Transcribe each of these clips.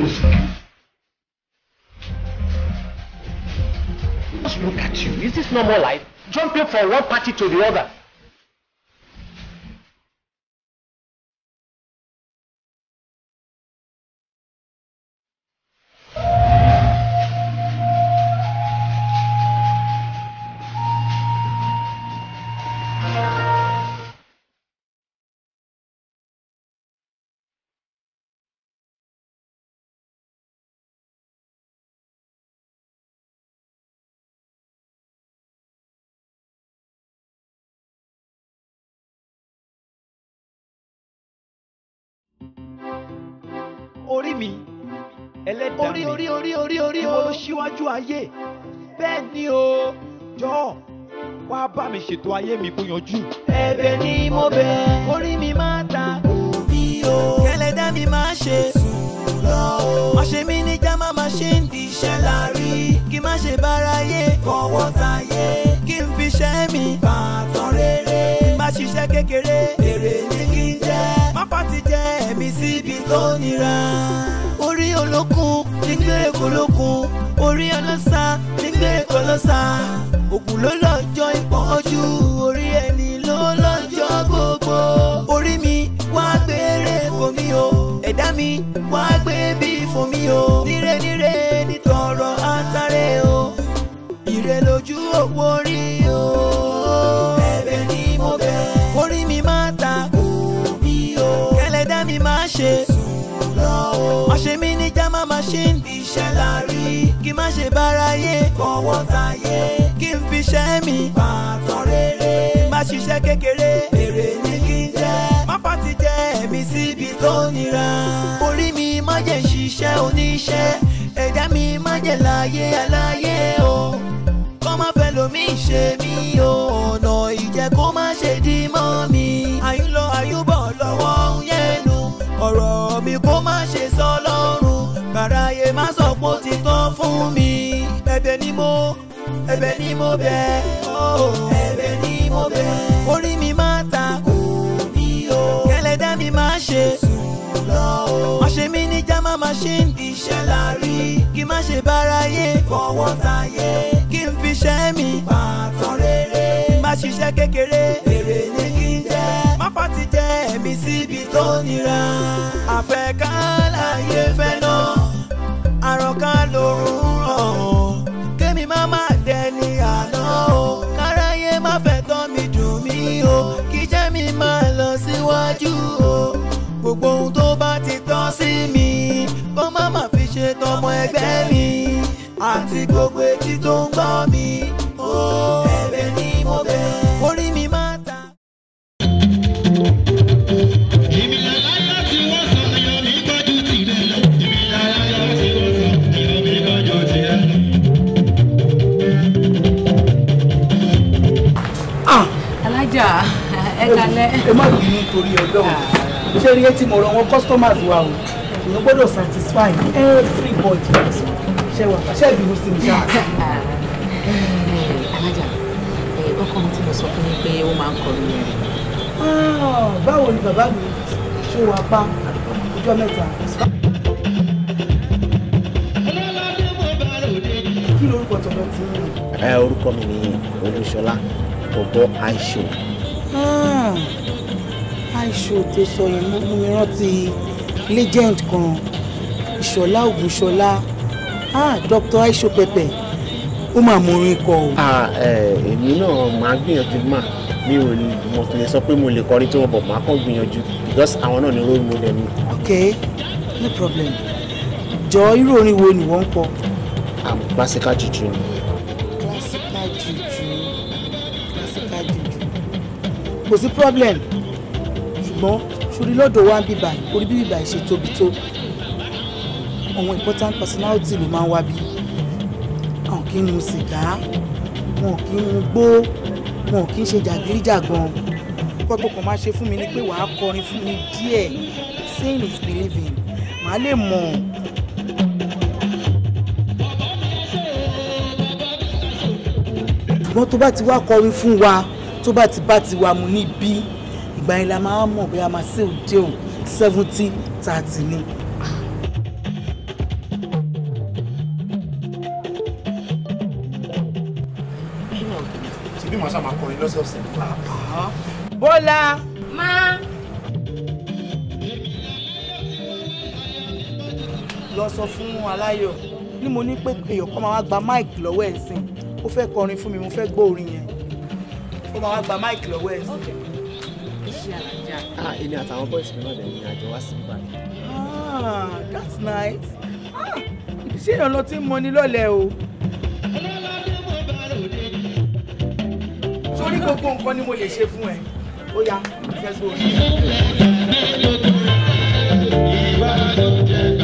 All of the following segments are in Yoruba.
Deus. Just look at you. Is this normal life? Jumping from one party to the other. orí orí orí orí orí ìwọ ló ṣíwájú ayé bẹ́ẹ̀ ni o jọ wá bá mi ṣètò ayé mi kó yanjú. ẹ̀bẹ̀ ni mo bẹ̀ orí mi máa ta òbí o kẹlẹ́dá mi máa ṣe sùn lọ o má ṣe mí ní jámá má ṣe ń di iṣẹ́ láàrí kí má ṣe bára yé fọwọ́ tayé kí n fi ṣẹ́ mi bàtàn rere má ṣiṣẹ́ kékeré èrè ní kí n jẹ́ má pàtì jẹ́ ẹ̀mí síbi tó nira orí olókùn nígbé èkó lókun orí ọlọ́sà nígbé èkó lọ́sà òkú ló lọ́jọ́ ìpọ́n ojú orí ẹni ló lọ́jọ́ gbogbo orí mi wá gbére fún mi o ẹ̀dá mi wá gbé bí fún mi o níre níre nítọ̀rọ̀ o ìrẹ̀lójú òwò rí. ṣe ń di iṣẹ́ láàrí kí n má ṣe báráyé fọwọ́ tayé kí n fi ṣẹ́ mi pàtàn rere má ṣiṣẹ́ kékeré èrè ni kí n jẹ́ má pàtì jẹ́ ẹ̀mí síbi tó nira orí mi má jẹ́ ṣiṣẹ́ oníṣẹ́ ẹ̀dá mi má jẹ́ láyé aláyé o kọ́ má fẹ́ lomi ṣe mí o ọ̀nà ìjẹ́ kó má ṣe dí mọ́ mi àyùlọ àyùbọ̀ lọ́wọ́ ń yẹnu ọ̀rọ̀ mi kó san fún mi ẹ̀bẹ̀ ni mo ẹ̀bẹ̀ ni mo bẹ̀ oh, ẹ̀bẹ̀ ni mo bẹ̀ orí mi máa ta kò ní o kẹlẹ́dá mi máa ṣe sùn lọ o má ṣe mí ní jama machine iṣẹ́ la rí kí má ṣe báráyé fọwọ́ tayé kí n fi ṣẹ́ mi pàtàn rere má ṣiṣẹ́ kékeré. ṣé rí etí mo rọ wọn customers wa o ìlú gbọ́dọ̀ satisfy everybody ṣe wà ṣe ìbínú sí mi ṣáà. alájà ọkọ mi ti lọ sọ fún mi pé ó máa ń kọrin rẹ. Ah, báwo ni bàbá mi ṣó wàá pa ọjọ́ mẹ́ta. kí lorúkọ tọ̀dọ̀ ti ń rìn. orúkọ mi ni olúṣọlá gbogbo aisho ìṣó tó sọ yẹn mú mi rántí legend kan ìṣọ̀lá ògùnṣọlá ah dr aisho pẹpẹ ó máa mọ orin kọ o. Ah, eh, èmi náà máa gbìyànjú mà mi ò mọ̀ lè sọ pé mo lè kọrin tí wọ́n bọ̀ máa kàn gbìyànjú because àwọn náà ni role model mi. ok no problem jọ irú orin wo ni wọ́n ń kọ. àwọn ah, classical juju ni. classical juju classical juju kò sí problem ṣùgbọ́n sórí lọ́dọ̀ wa ń bíbà orí bí bíbà ṣe tóbi tó àwọn important personality ló máa ń wá bí àwọn kì í mu sìgá wọn kì í mu gbó wọn kì í ṣe jàgídíjàgan kọ́ tó kàn máa ṣe fún mi ni pé wàá kọrin fún mi díẹ̀ seeing is believing màá lè mọ̀ ọ́. ṣùgbọ́n tó bá ti wá kọrin fún wa tó bá ti bá ti wà mú níbí ìgbà yẹn la máa mọ̀ bóyá máa ṣe òde òun seventy thirty ni. ṣèbí màá ṣàmà kọrin lọ́sọ̀ọ̀sẹ̀. bọ́lá. máa. lọ sọ fún aláyọ̀ ni mo ní pé èèyàn kan máa wá gba máìkì lọ́wọ́ ẹ̀ sìn ó fẹ́ kọrin fún mi mo fẹ́ gbọ́ orin yẹn ó máa wá gba máìkì lọ́wọ́ ẹ̀ sìn ah èmi àtàwọn boys mi náà dẹ̀ ah that's nice ah you see a lot of money, o. sórí gbogbo nǹkan ni mo lè ṣe fún ẹ ó yá fẹ́ gbọ́. ìwádìí jẹ́.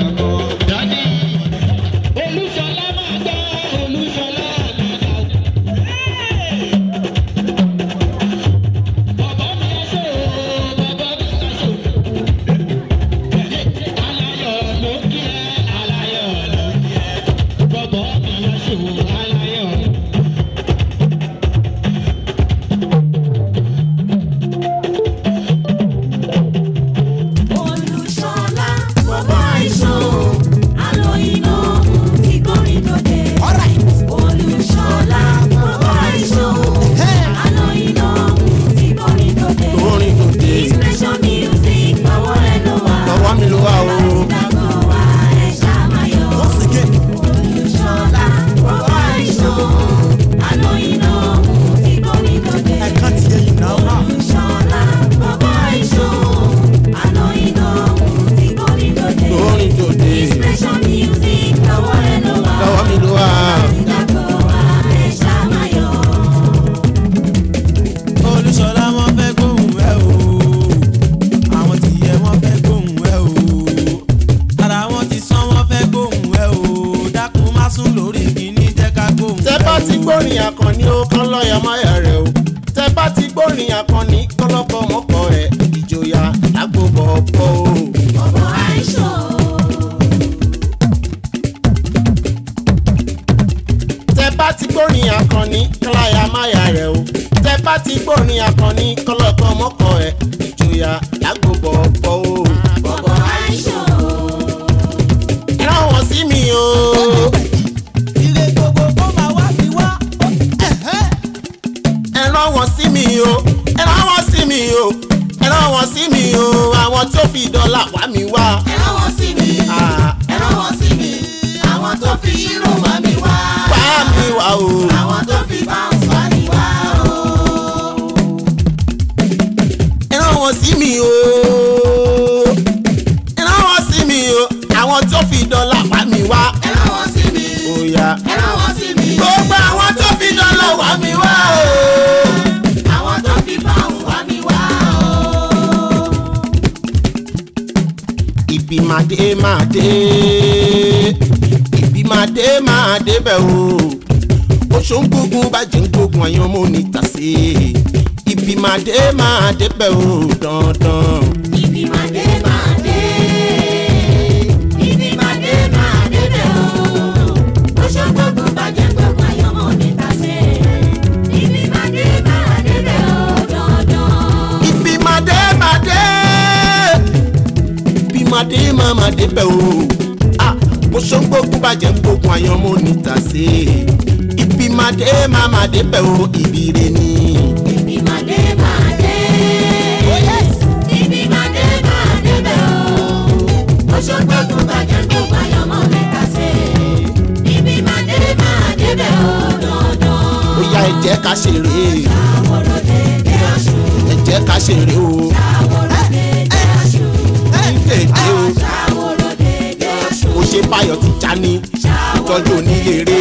mayan mo ni tase ibi made ma made pẹ o ibi re ni. ibi made ma de. oh yes. ibi made ma de bẹ o. Òṣogbo tó bàjẹ́ tó mayan mo ni tase ibi made ma de bẹ o dandan. ó yá ẹ jẹ́ ká ṣeré. ṣàwòrán lè dé aṣù. ẹ jẹ́ ká ṣeré o. ṣàwòrán lè dé aṣù. ẹ ẹ ẹ ẹ o kò ṣe báyọ̀ Tijani ìtọ́jú oníyèrè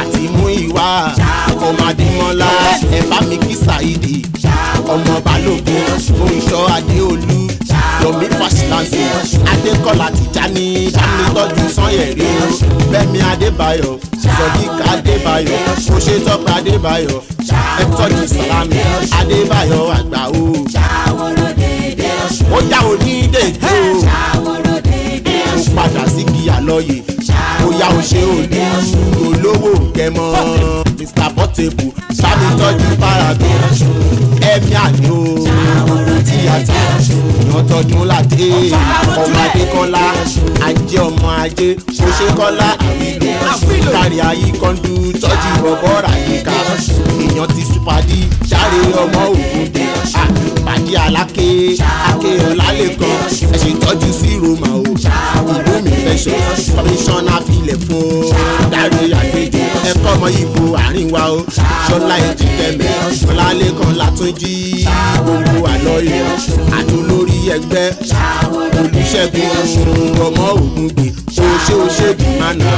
àti mú ìwà ọmọdémọ́lá ẹ bá mi kí Saidi ọmọ balógun fún ìṣọ́ adéolú yomi fasilansi adékọlá Tijani ìbánitọ́jú sanyẹ̀rí bẹ́mi adébáyọ̀ sọ̀díkà adébáyọ̀ kò ṣe tọ́pẹ́ adébáyọ̀ ẹ tọ́jú sàlámì adébáyọ̀ àgbà o ó yá onídèéjú o padà sí kíyà lọ́yè bóyá o ṣe òde olówó kẹmọ Mr Portable sábẹ́ tọ́jú paragon ẹ̀mí àdé o ti àti èèyàn tọdún ládé ọmọ adékọ́lá ajé ọmọ ajé kò ṣe kọ́lá kárí ayé kọ́ńdú tọ́jú bọ́bọ́ ràyíká èèyàn ti súpadì sáré ọmọ ògùndé pàdé aláké akéọlá lẹ́kàn ẹ̀sìn tọ́jú sí roma o ìlú mi fẹsọ̀ kọmíṣánná filẹ̀ fún dárí àgbèjì ẹ̀kọ́ ọmọ ìbò àárín wa o ṣọlá ìjìnlẹ̀ mẹ́ ọlá lẹ́kàn látúnj Agodi gbogbo àlọ́ ilé àtolórí ẹgbẹ́ Olúṣẹ́gun Ọ̀ṣun ọmọ Ògúngbè oṣé oṣé bìmánà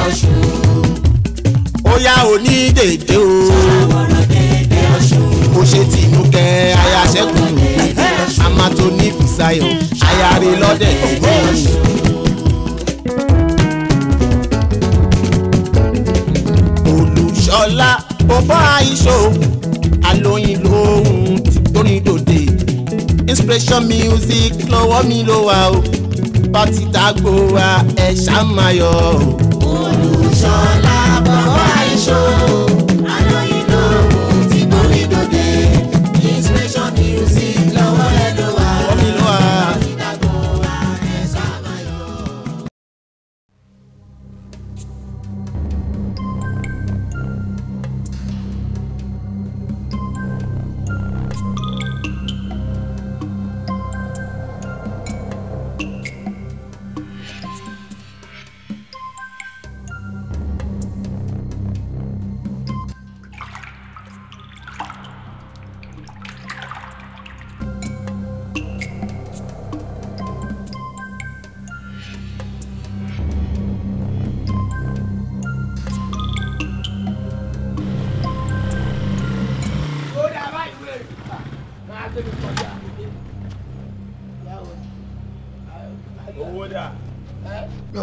ó yá onídèédé o ó ṣe Tinúkẹ́ ayáṣẹ́kùn amato ní Fìsáyọ̀ ayáre lọ́dẹ̀ ìwé. olùṣọ́lá bọ́bá ìṣó àlóyìn lóhùn inspiration music lọ́wọ́ mi ló wà o pátì tágbó wa ẹ̀ ṣá máa olùṣọ́lá bàbá ìṣòro.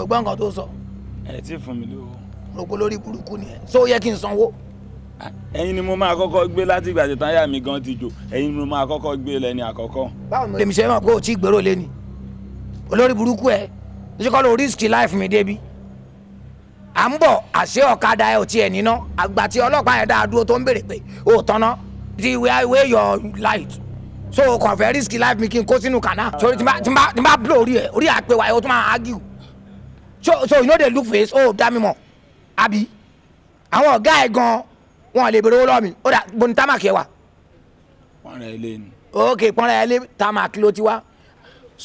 ò gbọ́ nǹkan tó sọ. ẹ ti fún mi lówó. mo kó lórí burúkú ni ẹ so ó yẹ kí n sanwó. ẹ̀yin ni mo máa kọ́kọ́ gbé láti ìgbà tí táyà mi gan ti jò ẹ̀yin ni mo máa kọ́kọ́ gbé lẹ́ni àkọ́kọ́. báwo ni èmi ṣe mọ̀ pé o ti gbèrò lé ni olórí burúkú ẹ ṣe kọ́ ló risk life mi débi à ń bọ̀ àṣé ọ̀kadà ẹ ò tiẹ̀ níná àgbà tí ọlọ́pàá yẹn dáa dúró tó ń béèrè pé ó tanná ti where where your light so kàn fẹ́ risk life mi kí n kó sínú kànáà sórí tí n bá tí n bá blow orí ẹ orí àpèwà ẹ o tún máa argue so so you no dey look face oh dá mi mọ̀ àbí àwọn ọ̀gá ẹ̀ gan wọn lè bèrè owó lọ́wọ́ mi ó dà boni támàkì ẹ wà. pọ́nrẹ́ ẹ lé ni. ok pọ́nrẹ́ ẹ lé támàkì ló ti wá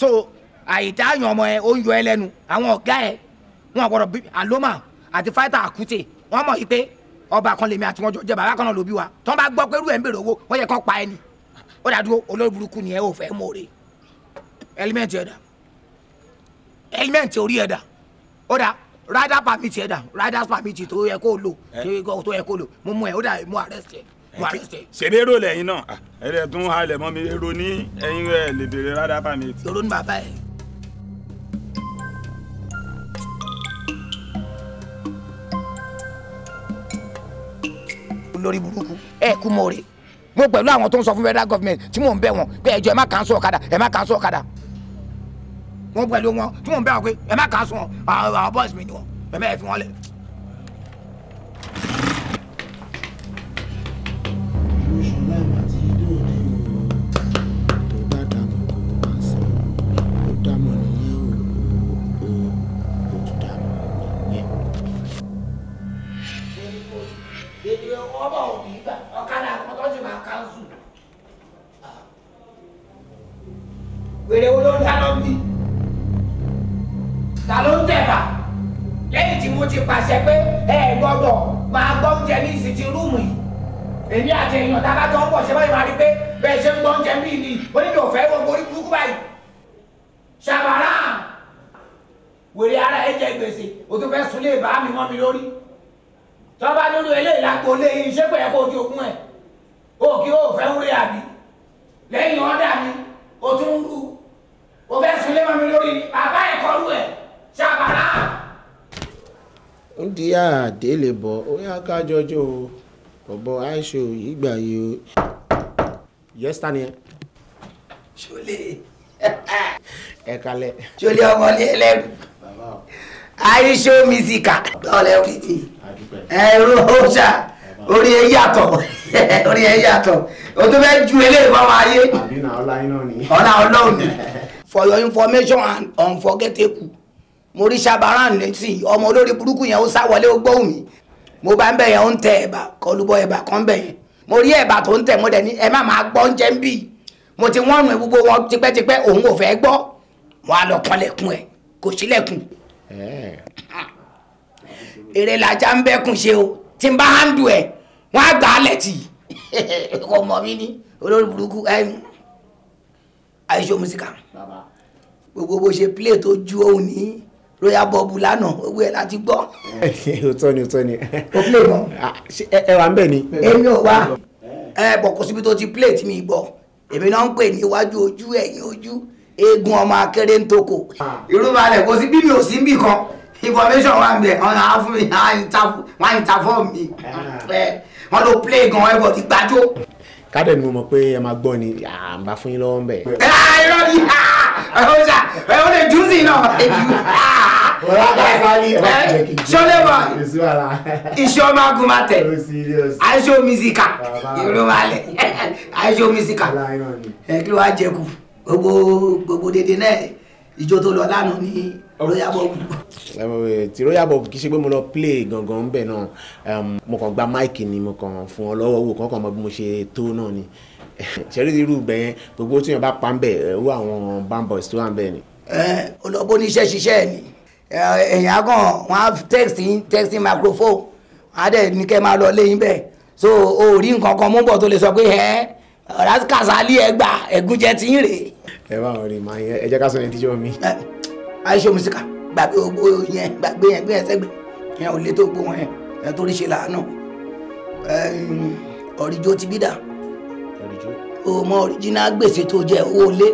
so àyíká yan ọmọ ẹ ó ń yọ ẹ lẹ́nu àwọn ọ̀gá ẹ wọn gbọ́dọ̀ bí aloma àti fáìtà àkútè wọn mọ̀ yìí pé ọba kan lèmi àti wọn jọ jẹ bàbá kan náà ló bí wa tí wọn bá gbọ́ pé irú ẹ̀ ń bèrè owó wọ́n yẹ kán pa ẹ ni ó dà dúró olórí burúkú ni ẹ ò fẹ́ mọ̀ ọ́ rẹ̀ ẹ̀dà ẹlímẹ́ǹtì orí ẹ̀dà ó dà rider permit yẹ dà rider permit tó yẹ kó lò eh? tó yẹ kó lò mo mú ẹ ó dà mo arrest ẹ mo eh, arrest ẹ. ṣèlè èrò lẹ́yìn náà ah. ẹ lè tún halẹ̀ mọ́ mi èrò ní ẹ̀yìn rẹ̀ lè béèrè rider permit. lóró ní bàbá ẹ. lórí burúkú ẹ kú mọ́ rẹ̀ mo pẹ̀lú àwọn tó ń sọ fún federal government tí mò ń bẹ̀ wọ́n pé ẹjọ́ ẹ má kàn án sọ ọ̀kadà ẹ má kàn án sọ ọ̀kadà wọn pẹ̀lú wọn tí wọn bẹ àwọn pé ẹ má kà á sùn àwọn bọ́ọ̀sì mi ni wọn ẹ má fi wọn lẹ̀. wèrè wo ló ń dáná bí ta ló ń tẹ̀bà lẹ́yìn tí mo ti pàṣẹ pé ẹ gbọ́dọ̀ máa gbọ́ oúnjẹ ní ìsìtì rúùmù yìí èmi àti èèyàn tá a bá jọ ń bọ̀ ṣe báyìí máa rí pé bẹ́ẹ̀ ṣe ń gbọ́ oúnjẹ mí ni onídìí ò fẹ́ gbogbo orí burúkú báyìí ṣàbàrà wèrè ara ẹ jẹ gbèsè o tó fẹ́ sun lé bá mi mọ́ mi lórí tọ́ba nínú eléyìí lágbo lé iṣẹ́ pẹ̀lú kó o ti ẹ̀ o kí o fẹ́ wúre àbí lẹ́yìn ọ̀dà mi o tún ń rú o fẹ́ sun lé mọ́ mi lórí bàb díà délé bọ̀ ó yá kájọjọ́ o bọ̀bọ̀ àìṣe òyì gbà yìí o. yẹ́sítà ni ẹ. ṣọlẹ̀ ẹ kalẹ̀. ṣọlẹ̀ ọmọlé ẹlẹ́rù àìṣe mísíkà lọ́lẹ̀ orí ti ẹ̀rọ ọ̀ṣà orí ẹ yàtọ̀ orí ẹ yàtọ̀ o tó fẹ́ ju eléyìí fún wa yé. àbí náà for your information and unforgettable mo rí ṣabaran nísìnyí ọmọ olórí burúkú yẹn ó sá wọlé ó gbóhùn mi mo bá ń bẹ̀ yẹn ó ń tẹ ẹ̀bà kọlùbọ ẹ̀bà kan bẹ̀ yẹn mo rí ẹ̀bà tó ń tẹ̀ mo dẹ̀ ní ẹ má máa gbọ́ oúnjẹ ń bì í mo ti wọ́n rùn gbogbo wọn tipẹ́tipẹ́ òun ò fẹ́ gbọ́ wọn á lọ kanlẹ̀kùn ẹ̀ kò sílẹ̀kùn. èrè làjà ń bẹ́kùn ṣe o tí n bá hàndù ẹ̀ wọ́n á gbà á lẹ̀ tì í ọmọ mi ní olórí burúkú ẹ̀yìn àìṣó musika gbogbo bó ṣe play royal bọ́ọ̀bù lánàá owó ẹ̀ láti gbọ́. òótọ́ ni òótọ́ ni. o play mọ́. Ah, ẹ wà ń bẹ̀ ni. èmi ò wá ẹ bọ̀ kó síbi tó ti play tí mi gbọ́ èmi náà ń pè ní iwájú ojú ẹ̀yìn ojú eegun ọmọ akéré ń toko. irú balẹ̀ kò sí bí mi ò sí níbì kan information wà ń bẹ̀ ọ̀nà àfún mi wọ́n á ń ta fọ́ọ̀mù mi ah. wọ́n ló play gan ẹ̀bọ̀ ti gbájú. kádẹ́ni mo mọ̀ pé ẹ máa gbọ́ ni à ń bá fún yín lọ́wọ́ ń bẹ̀ ọjà ẹ o lè dùn sí iná sọlẹ́bà iṣẹ́ ọmọ agunmatẹ̀ àìṣe mísíkà ìrọ̀lẹ́ àìṣe mísíkà ẹ kí ló wá jẹ kù gbogbo gbogbo dédé náà ìjó tó lọ lánàá ní royal bob. ti royal bob kì í ṣe pé mo lọ play gangan ń bẹ̀ náà mo kàn gba máìkì ni mo kàn fún ọ lọ́wọ́ wò kàn kàn mọ bí mo ṣe tó náà ni. ṣẹ́rí irú ibẹ̀ yẹn gbogbo tí yẹn bá pa ń bẹ̀ ẹ̀rú àwọn bamboys tó wà ń bẹ̀ ni. ẹ olóbó níṣẹ́ ṣiṣẹ́ ni ẹ̀yìn agàn wọn á text text microphone wọn á dẹ̀ ní kẹ́ máa lọ léyìn bẹ́ẹ̀ so o rí nǹkan kan mú bọ̀ tó lè sọ pé ẹ ọ̀rá kàṣálí ẹ gbà ẹ̀gúnjẹ ti ń rèé. ẹ bá wọn rí màá yẹn ẹ jẹ́ ká sọ yẹn tíjọ́ mi. ẹ àìṣe òmùsíkà gbàgbé ogbó yẹn gbàgbé yẹn gbé yẹn sẹ́gbẹ̀ yẹn ò lè tó gbó wọn yẹn torí ṣe làánú ọ̀rìjó ti bí dà òmọ original gbèsè tó jẹ owó lé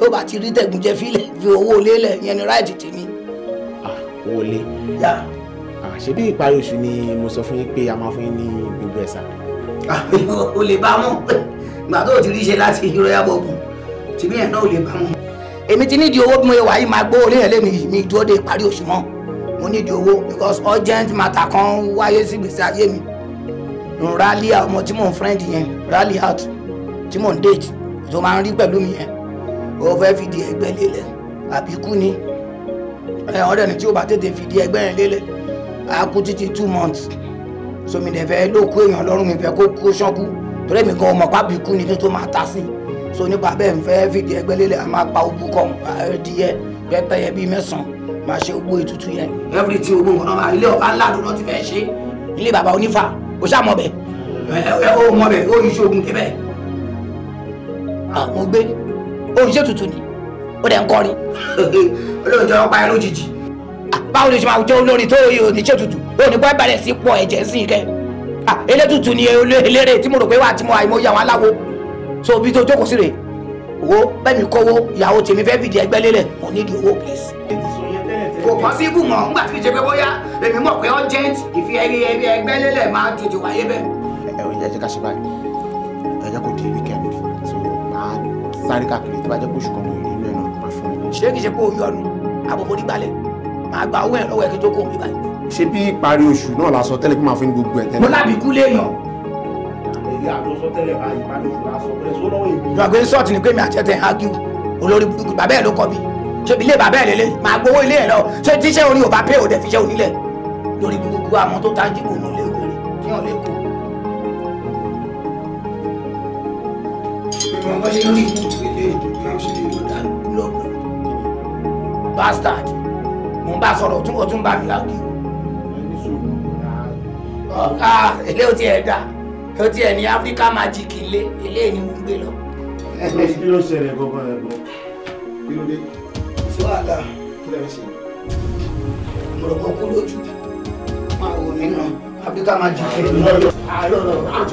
tó bá ti rí tẹ̀gùn jẹ fílẹ̀ fi owó lé lẹ̀ yẹn ni ráìtì tèmi. owó lé ṣé bí ìparí oṣù ni mo sọ fún yín pé a máa fún yín ní gbogbo ẹ̀sà. o lè bá mú ìgbà tó o ti rí ṣe láti royal bob tìbí yẹn náà o lè bá mú. èmi ti nídìí owó bí mo yẹ wà yìí máa gbówó léyìn lémi mi dúró de ìparí oṣù mọ́ mo nídìí owó because urgent matter kan wáyé sí gbèsè ayé mi n ralia ọmọ tí mò ń friend yẹn Ralihat tí mò ń date tó máa ń rí pẹ̀lú mi yẹn o fẹ́ fìdí ẹgbẹ́ lélẹ̀ àbí kú ni ọ̀rẹ́ ni tí o bá tètè fìdí ẹgbẹ́ yẹn lélẹ̀ a kú títí two months so mi dẹ̀ fẹ́ ló kú èèyàn lọ́rùn mi fẹ́ kó kó ṣánkú torí mi gan ọmọ pábí kú ni tó máa ta sí so nípa bẹ́ẹ̀ n fẹ́ fìdí ẹgbẹ́ lélẹ̀ a máa pa ogun kọ́ adìyẹ pẹ́pẹ́yẹ bíi mẹ́sàn-án máa ṣe gbogbo ètùtù yẹn everything ogun kan ilé ọba ńlá àdúrà ti fẹ́ ṣe ilé bàbá onífà o ṣá mọ̀ bẹ̀ o mọ̀ bẹ̀ o ìṣe ogun débẹ̀ àwọn gbé o ìṣe tuntun ni o dẹ̀ ń kọrin. olóòjọ ọ̀pá ẹ lójijì. báwo ni o ṣe máa jẹ́ olórin tó yẹ oníṣẹ́ tutù o ní bọ́ bẹ̀rẹ̀ sí pọ̀ ẹ̀jẹ̀ sí kẹ́ elétutù ni eléré tí mo rò pé wà á ti mọ àìmọye àwọn aláwo so bí tó jókòó sí rè owó bẹ́ẹ̀ mi kọ́wó ìyàwó tèmi fẹ́ fìdí ẹgbẹ́ lélẹ̀ mo nídìí owó please kọ́ sí ibùmọ̀ ńgbà tí kì í ṣe pé bóyá èmi mọ̀ pé urgent ìfi ẹyẹ ẹyẹ ẹgbẹ́ lélẹ̀ máa tètè wáyé bẹ́ẹ̀. ẹ ẹ jẹ́ ká ṣe báyìí ẹ jẹ́ kó di weekend so máa sáré káàkiri tó bá jẹ́ kó oṣù kan lóore inú ẹ̀ náà máa fún mi. ṣé kì í ṣe pé o yọnu àbòfò nígbàlẹ̀ máa gba owó ẹ̀ lọ́wọ́ ẹ̀ kí n tó kó mi báyìí. ṣé bí ìparí oṣù náà la sọ tẹ́lẹ̀ pé máa fún gbogbo ẹ̀ tẹ́lẹ̀. mo lábì kú léèyàn. èyí àjọsọ tẹ́lẹ̀ báyìí ìparí oṣù la sọ pé sólọ́wọ́ èmi. ìgbàgbé sọ́ọ̀tì ni pé mi àti ẹ̀ tẹ̀ ń hágíw olórí bàbá ṣé ilé bàbá ẹ̀ lélẹ̀ máa gbowó ilé ẹ̀ lọ ṣé tíṣẹ́ orí ò bá pé òde fiṣẹ́ onílẹ̀ lórí gbogbo àwọn tó tají kò ní ilé wèrè kí wọ́n lè kó. ìmọ̀ bá ṣe lórí ìbùkún ilé máa ṣe lè lọ dá lọ́gbọ̀n. bastard mo ń bá sọ̀rọ̀ tún wọ́n tún bá mi láàgì. ọ̀gá ilé ò tiẹ̀ dà ó tiẹ̀ ní áfíríkà magic ilé ilé ni mo ń gbé lọ. kí ló ṣẹlẹ̀ gbọ́ngàn ẹ̀ gbọ́ kí ló dé wàhálà ọ̀pọ̀lọpọ̀ kú lójú máa wò mí nà àbí ká máa jù kẹ́lẹ́.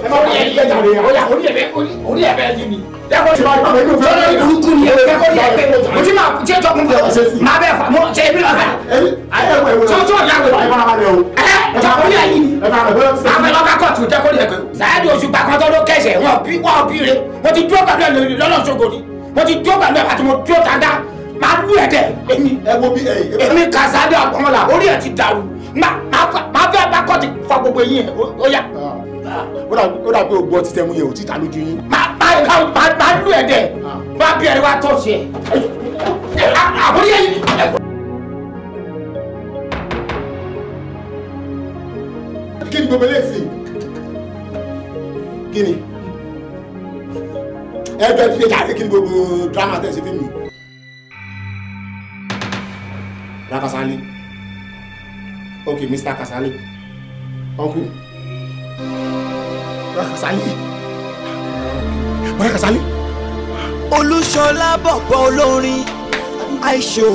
ẹ má wọlé ẹni gbẹjà rẹ ọyà orí ẹbẹ orí ẹbẹ ẹni mi. dẹ́kun ti máa gbà ni. lófin. lọ́dọ̀ ìdúrúkú ni ẹ̀rọ dẹ́kun ni ẹ̀rọ mo ti máa jẹ́ jọ́kun bọ̀ máa bẹ̀ fà mo jẹ́ ibi lọ́fà. tọ́jú ọ̀la wẹ̀ ẹ̀ jọ̀kun ni ẹ̀yìn mi. àfẹ́ lọ́ka kọ̀tù dẹ́kun ni ẹ̀kọ́. sàyẹ́dì oṣù gbàgbọ́dọ̀ ló kẹsẹ̀ wọn bí wọn bí re mo ti dúró pẹ̀lú ẹ̀ lọ́lọ́ṣogo ni mo ti dúró pẹ̀lú ẹ̀ àti mo dúró dáadáa máa lú ẹ̀dẹ̀. èmi ẹ wo bí ẹyìn. èmi Kasali Agbọ́nlá orí ẹ̀ ti dàrú máa fẹ́ bá kọ́ ti fọ gbogbo eyín ẹ̀ ó yá. Ah, ó dà pé o gbọ́ ti tẹ́ mú yẹ òtítà lójú yín. máa lú ẹ̀dẹ̀ bá ah. bí ẹ̀rí wá tọ̀ sí ẹ̀. àbúrí ẹ̀yìn. kí ni gbogbo eléyìí kí ni ẹ bẹ ti dé jáde kí ni gbogbo drama tẹ̀sí fún mi. La Kasali. Okay, Mr. Kasali. Uncle. La Kasali. Bọ́lá Kasali. Olúṣọlá bọ̀bọ̀ olórin Aisho.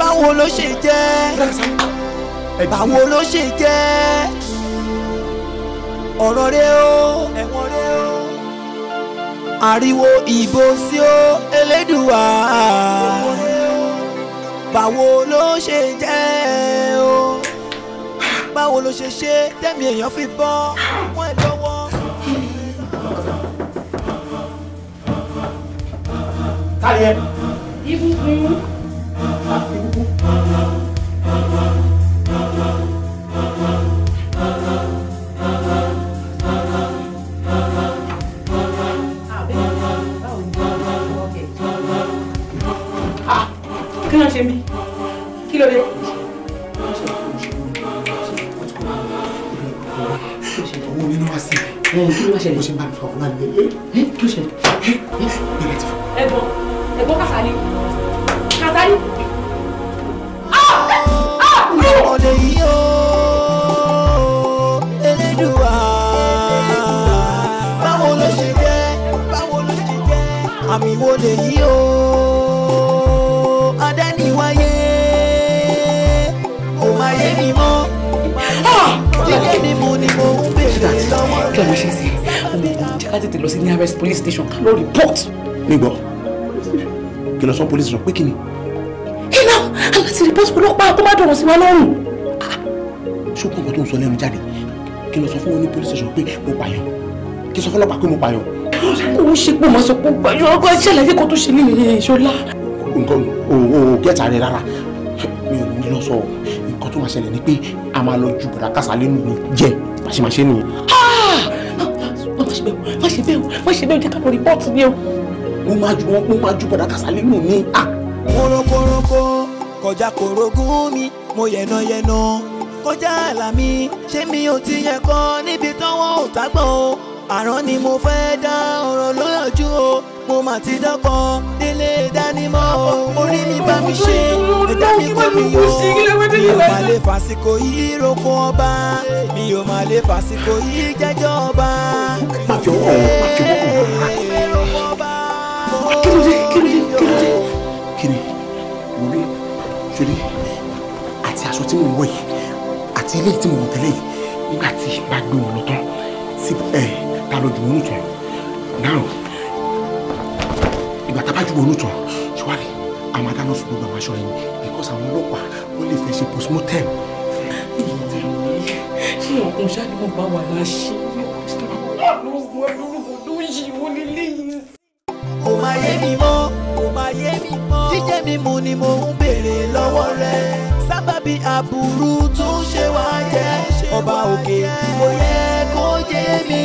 Báwo ló ṣe jẹ́? Báwo ló ṣe jẹ́? Ọ̀rọ̀ rẹ o, ẹ̀wọ̀n rẹ o ariwo ìbò sí ó elédùà báwo ló ṣe jẹ́ o báwo ló ṣe ṣe tẹ̀mí èèyàn fi bọ́ wọ́n ẹ̀ lọ́wọ́. Tá yẹ. Ibùkún. Ibùkún. kí ló dé. owó nínú wá sí i kí ló wá ṣẹlẹ̀. bó ṣe ń bá mi fọwọ́ láti lè. kí ló ṣẹlẹ̀. ẹ̀gbọ́n ẹ̀gbọ́n kàsálí kàsálí. àmì wo lè yí ó. ọmọ ni mo ń bèrè lọ́wọ́ rẹ̀. kí ló ṣe sí ọmọ kan jẹ́ ká tètè lọ sí nearest police station ká lọ report. nígbọ́ kí lọ sọ police station pé kí ni. kí náà aláti report ọlọ́pàá tó má dọ̀rọ̀ sí wa lọ́rùn. Ah. ṣókùn kan tó ń sọ lẹ́nu jáde kí lọ sọ fún wọn ní police station pé mo pààyàn kí sọ fọlọ́pàá pé mo pààyàn. kò ń ṣe pé màá sọ pé pààyàn ọgbà ìṣẹ̀lẹ̀ kó tó ṣe ní ìṣọ́lá. nǹkan ò ò kẹta rẹ rárá mi ò ní lọ sọ ọ́ tó máa ṣẹlẹ̀ ni pé a máa lọ ju bọ̀dà kásálẹ̀ nù ní jẹ́ bàṣẹmáṣẹ́ nìyẹn. má ṣe bẹ́ẹ̀ má ṣe bẹ́ẹ̀ má ṣe bẹ́ẹ̀ jẹ́ ká lọ rìpọ́ọ̀tì ni o. mo máa ju wọn mo máa ju bọ̀dà kásálẹ̀ nù ní. Ah! korokoroko kọjá korogún mi mo yẹnayẹna kọjá àlà mi ṣé mi ò ti yẹ kọ́ níbi tọ́wọ́ ò tágbọ́n o àrán ni mo fẹ́ dá ọ̀rọ̀ lóyànjú o mo mà ti dọ́kọ̀ délé dánimọ̀ o orí mi bá mi ṣe ẹ̀dá mi kọ́ mi yó mi ò má lè fàsìkò yìí roko ọba mi ò má lè fàsìkò yìí jẹ́jọ́ ọba. kí ló dé kí ló dé kí ló dé kí ni orí ṣeré àti aṣọ tí mo wọ̀ yìí àti ilé tí mo wọ̀ tẹ́lẹ̀ yìí nígbà tí bá gbé wọn lọ tán ta ló dùn ún tán náà tabaju wọnú tán ṣùwárí àwọn adáná sùn gbogbo àwọn aṣọ yẹn because àwọn ọlọ́pàá wọ́n lè fẹ́ ṣe postmortem. ṣé ọkùnrin ṣáà mo bá wà láṣẹ. olùwọ́ olùwọ́ ló ń yí wọn lélẹ́yìn. kò máa yé mi mọ́ kò máa yé mi mọ́ jíjẹ́ mi mu ni mo ń béèrè lọ́wọ́ rẹ̀ sábàbí aburú tó ń ṣe wáyé ọba òkè kò yẹ kó yé mi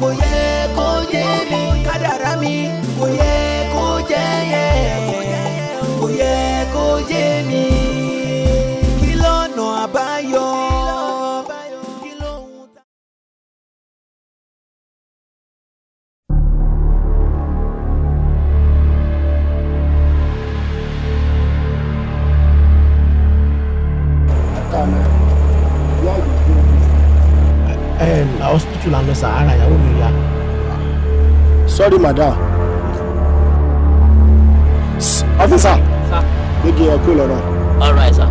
kò yẹ kó yé mi kádàrá mi kò yẹ kó jẹ́ yẹ kò yẹ kó jẹ́ mi kí lọ́nà àbáyọ. hospital la lọ sàárà ìyàwó mi ya. sorry madam ọ́fíìsà méjì ẹ̀ kú lọ́nà. all right sir.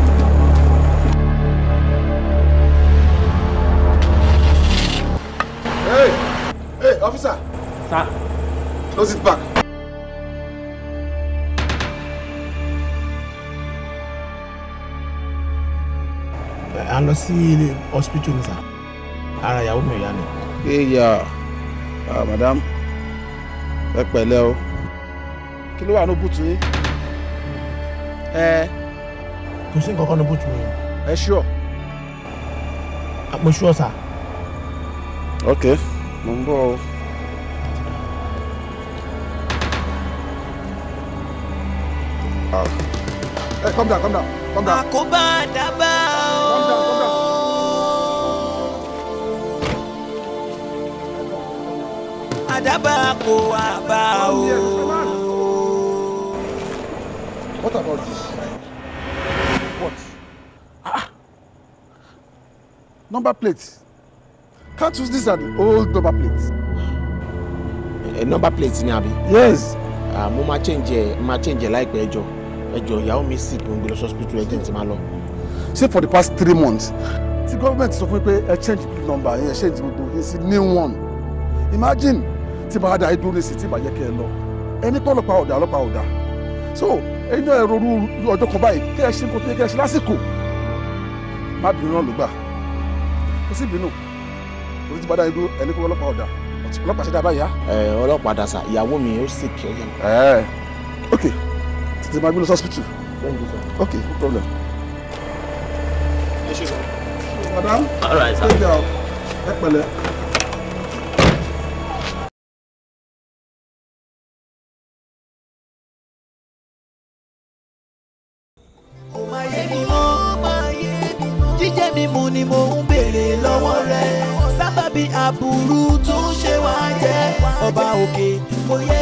hey hey ọ́fíìsà. sir. close it back. a lọ sí ilé hospital ní sà ara ìyàwó mi ò yá ni. eya ah, madam ẹ pẹ̀lẹ́ o kí ló wà ní bùtù yín ẹ. kò sí nǹkan kan ní bùtù mi. ẹ ṣúọ. mo ṣúọ sà. ok mo ń bọ̀ o. Hey, come down, come down, come down. Àkóbá dábàá o. Come down, come down. What about this? What? Ah! ah. Number plates. Can't use this as old number plates. A eh, number plate ni abi? Yes. Ah, mo máa change ẹ̀ máa change Like láìpẹ́ ẹjọ́ ẹjọ́ ìyàwó mi sick mo ń gbé lọ hospital ẹjẹ̀ tí máa lọ. Say for the past three months the government is fún to pé ẹ change plate number ẹ change gbogbo ẹ sí new one. Imagine tí bàá da ẹ dúró ní sí tí bàá yẹ kẹ́ ẹ lọ. Ẹni pọ́ ọlọ́pàá ọ̀dà ọlọ́pàá So ẹ̀yin náà ẹ̀rọ orú ọjọ́ kan báyìí kẹ́ ẹ ṣe nǹkan tó yẹ kẹ́ ẹ ṣe lásìkò má bínú náà ló gbà ó sì bínú orí ti bá dáa dúró ẹni kó ọlọ́pàá ọ̀dà ọlọ́pàá ṣe dáa báyìí á. ẹ ọlọ́pàá dàsà ìyàwó mi ó sì kẹ́ ẹ. ẹ ok tètè máa gbé lọ sọ́sìpìtì ok no problem. ẹ ṣe sọ. madam all right sir. ẹ pẹ̀lẹ́. bí aburú tó ń ṣe wá jẹ́ ọba òkè kò yẹ.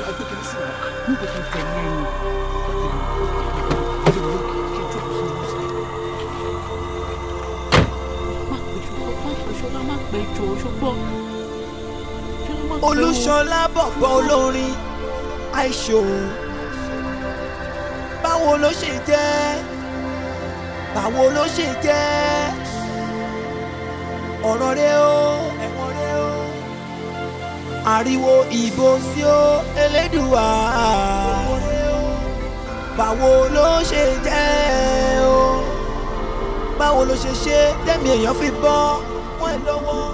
ẹgbẹ́ kìíní sí wọn níbi kan tẹ̀lé ẹyin olùṣọlá bọ̀bọ̀ olórin àìṣòun báwo ló ṣe jẹ́ báwo ló ṣe jẹ́ ọ̀rọ̀ rẹ o ariwo ìbò sí ó elédùà báwo ló ṣe jẹ́ o báwo ló ṣe ṣe tẹ̀mí èèyàn fi bọ́ wọ́n ẹ lọ́wọ́.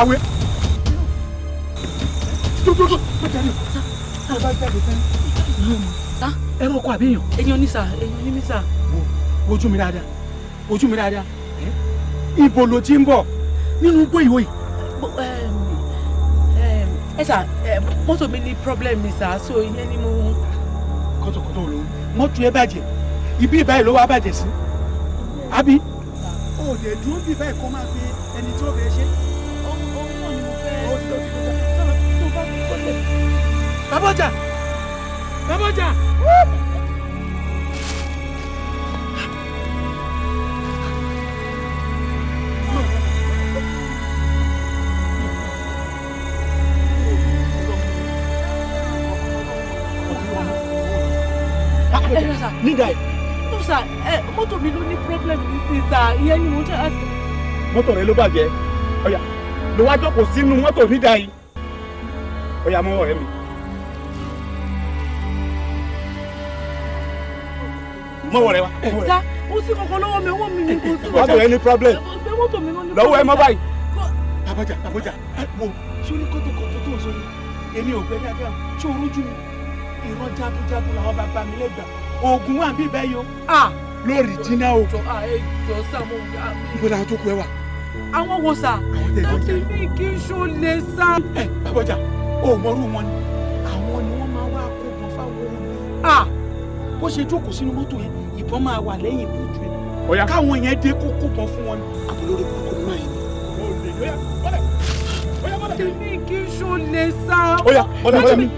àwẹ̀ jójójó pẹ̀tẹ́rì tó bá jáde tán ló mọ̀. ẹ̀rọ ọkọ àbí èèyàn. èèyàn ní sà èèyàn ní mí sà. wo ojú mi dáadáa ojú mi dáadáa ibo ló ti ń bọ̀ nínú igbó ìwé yìí. Um, um, ẹ ṣá um, mọ́tò mi ní problem mi ṣá so ìyẹn ni mo. kọ́tọ̀kọ́tọ̀ ò lóyún mọ́tò ẹ bàjẹ́ ibi ìbáyìí ló wá bàjẹ́ sí àbí. o ò dẹ̀ dúró bí báyìí kó máa pe ẹni tí ó fẹ́ ṣe. bàbá ọjà bàbá ọjà. big guy. no sir ẹ eh, mọ́tò mi ló ní problem nísìnyí sir ìyẹn ni mo jẹ́ àti. mọ́tò rẹ ló bàjẹ́ ọ̀yà ló wá jókòó sínú mọ́tò nídà yìí ọ̀yà mú ọ̀rẹ́ mi. mọ wọ̀rẹ́ wa. sá mo sì kọ́kọ́ lọ́wọ́ mi owó mi ni kò sí. mọ́tò rẹ ní problem. mọ́tò mi ló ní problem. lọ́wọ́ ẹ mọ́ báyìí. babaja babaja wo sórí kótókótó tó sórí èmi ò gbẹ dáadáa sóorójú mi ìran jágúnjágún làwọn bàbá mi lẹ́gbàá oògùn wà bí bẹ́ẹ̀ yó. lórí jiná o. ìbọn àwọn ẹ wà. àwọn wo sà. láti ní kí n ṣó lè sá. ẹ bàbájà o mọrú wọn ni àwọn ni wọn máa wá kó bọn fáwọn olè. bó ṣe jókòó sínú mọ́tò yẹn ìbọn máa wà lẹ́yìn ìbòjú ẹ̀ káwọn yẹn dé kó kó bọn fún wọn ni àbúlórí kúkú náà yẹn. láti ní kí n ṣó lè sá. ó yá mọ́lẹ̀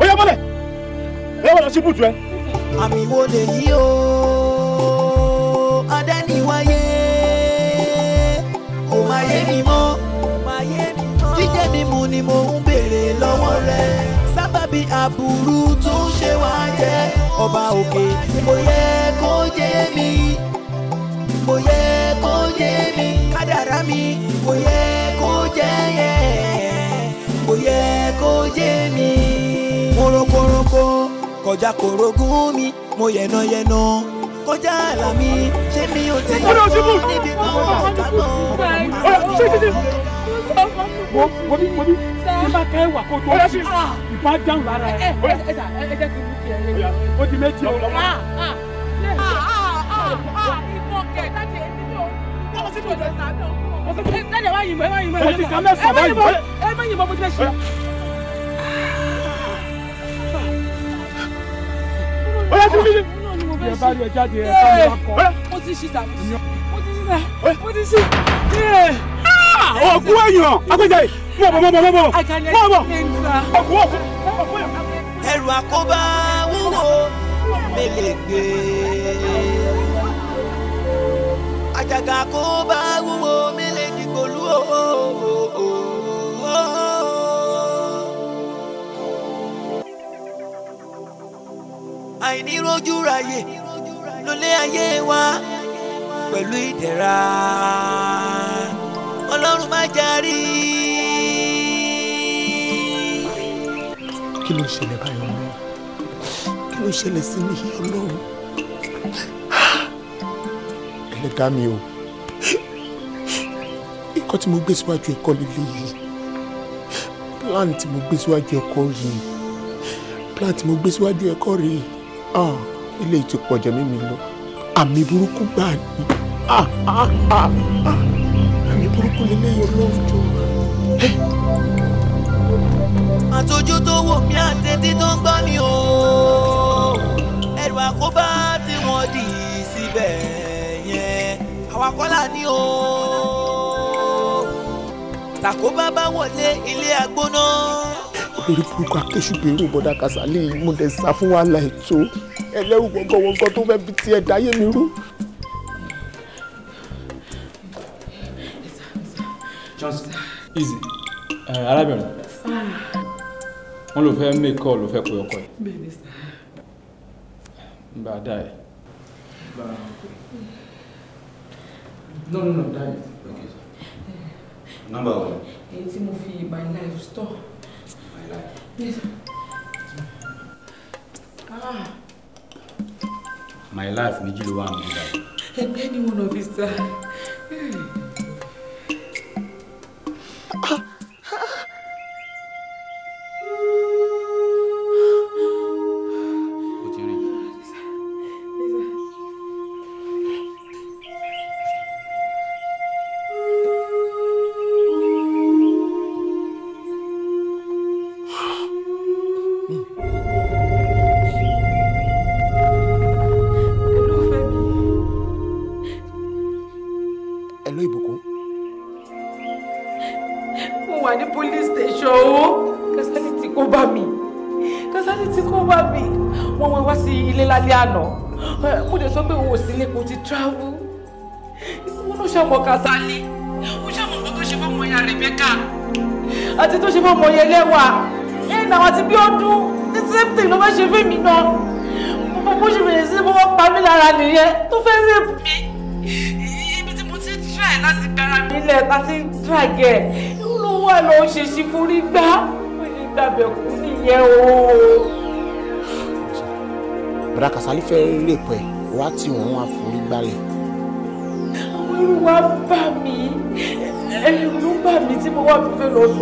ó yá mọ́lẹ̀ ó yá mọ́lẹ̀ síbùjú ẹ àmì wo lè yí o adániwáyé ò máa yé mi mọ́ jíjẹ́ mi mu ni mo ń béèrè lọ́wọ́ rẹ̀ sábàbí aburú tó ń ṣe wá jẹ́ ọba òkè mo yẹ kó yé mi mo yẹ kó yé mi kádàrá mi mo yẹ kó jẹ́ yẹ mo yẹ kó yé mi kọjá kòrógún mi mo yẹ̀nà yẹ̀nà kọjá àlà mi ṣé mi ò ti yẹ kó níbi kan ọ̀tá náà. mo bí mo bí ká ẹwà kó tó ṣe ah! ìbá dáhùn lára ẹ. ẹ jẹ́ kí n mú kí lé. ó di méjì o. Ah, ah, ìbọn kẹ̀ láti ẹni tó wọ́n sì tó ìjọba ẹ ẹ wá yìnbọn ẹ wá yìnbọn. mo báyìí. ẹ má yìnbọn mo ti fẹ́ ṣe. ó yẹ síbi ní. ẹ bá yọ jáde ẹ bá yọ akọ. mo ti ṣí sàmì mo ti ṣí sàmì mo ti ṣí. òkú ah, èèyàn akọjá yìí mọ bọ mọ bọ mọ bọ mọ bọ ẹrù àkóbá wúwo mélègbè àjàgà àkóbá wúwo mélèdìgbòlú o. àìnírójú ráyè lólé ayé wa pẹ̀lú ìdẹ̀ra ọlọ́run má jarí. kí ló ṣẹlẹ̀ báyọ̀ mọ́ kí ló ṣẹlẹ̀ sí mi ọlọ́run ẹlẹ́dàá mi o nǹkan tí mo gbé síwájú ẹ̀kọ́ líle yìí plan tí mo gbé síwájú ẹ̀kọ́ yìí plan tí mo gbé síwájú ẹ̀kọ́ rèé. Ah, ilé yìí ti pọ̀jọ́ mímí lọ àmì burúkú gbáà ni ah, ah, àmì burúkú lè léyìn olóòjọ́. àtọ́jú tó wò mí àtẹ́tí tó ń gbọ́ mi o ẹ̀rù àkóbá tí wọ́n dì síbẹ̀ yẹn àwa kọ́lá ni o tàkóbá bá wọlé ilé agbóná olórí burúkú akéṣùgbèrú bọ́dà Kàsálí mo dẹ̀ sá fún wàhálà ètò ẹlẹ́rù gbọ̀ngàn tó fẹ́ fi tiẹ̀ dáyé mi rú. easy arábìnrin ah. wọn ló fẹ́ make call ló fẹ́ pe ọkọ ẹ̀ bá a dá ẹ̀. No, no, no, that is okay. Eh. Number one. Èyí tí mo fi my life store my life méjì ló wà ń bí báyìí. ẹgbẹ́ ni one of his sir.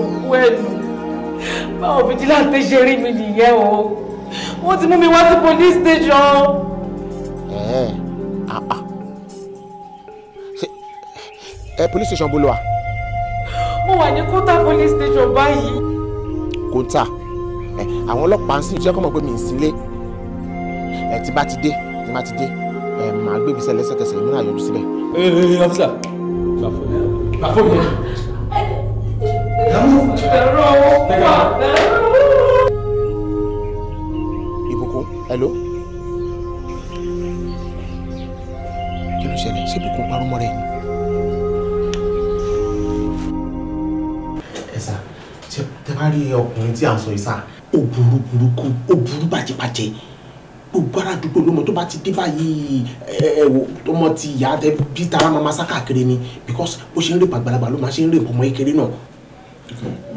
òkú ẹ̀nù báwọn fìjìláńtì ṣe rí mi nìyẹn o wọ́n ti mú mi wá sí police station. Ah, ah. ẹ police station bó ló wà. mo wà ní kóńtà police station báyìí. kóńtà àwọn ọlọ́pàá ń sìn jẹ́ kó mọ̀ pé mi ń sílé ẹ ti bá ti dé ti bá ti dé ẹ máa gbé ìgbésẹ̀ lẹ́sẹ̀kẹsẹ̀ ìmúra yọjú síbẹ̀. ẹ ẹ ọfíìsà gbàfọ̀ yẹn gbàfọ̀ yẹn. burú burúkú ó burú bàjẹ́bàjẹ́ gbogbo ara àdúgbò lọmọ tó bá ti dé báyìí ọmọ ti ìyá bí tara máa ma sá káàkiri ni because bó ṣe ń rèpà àgbàlagbà ló máa ṣe ń rèpà ọmọ kékeré náà.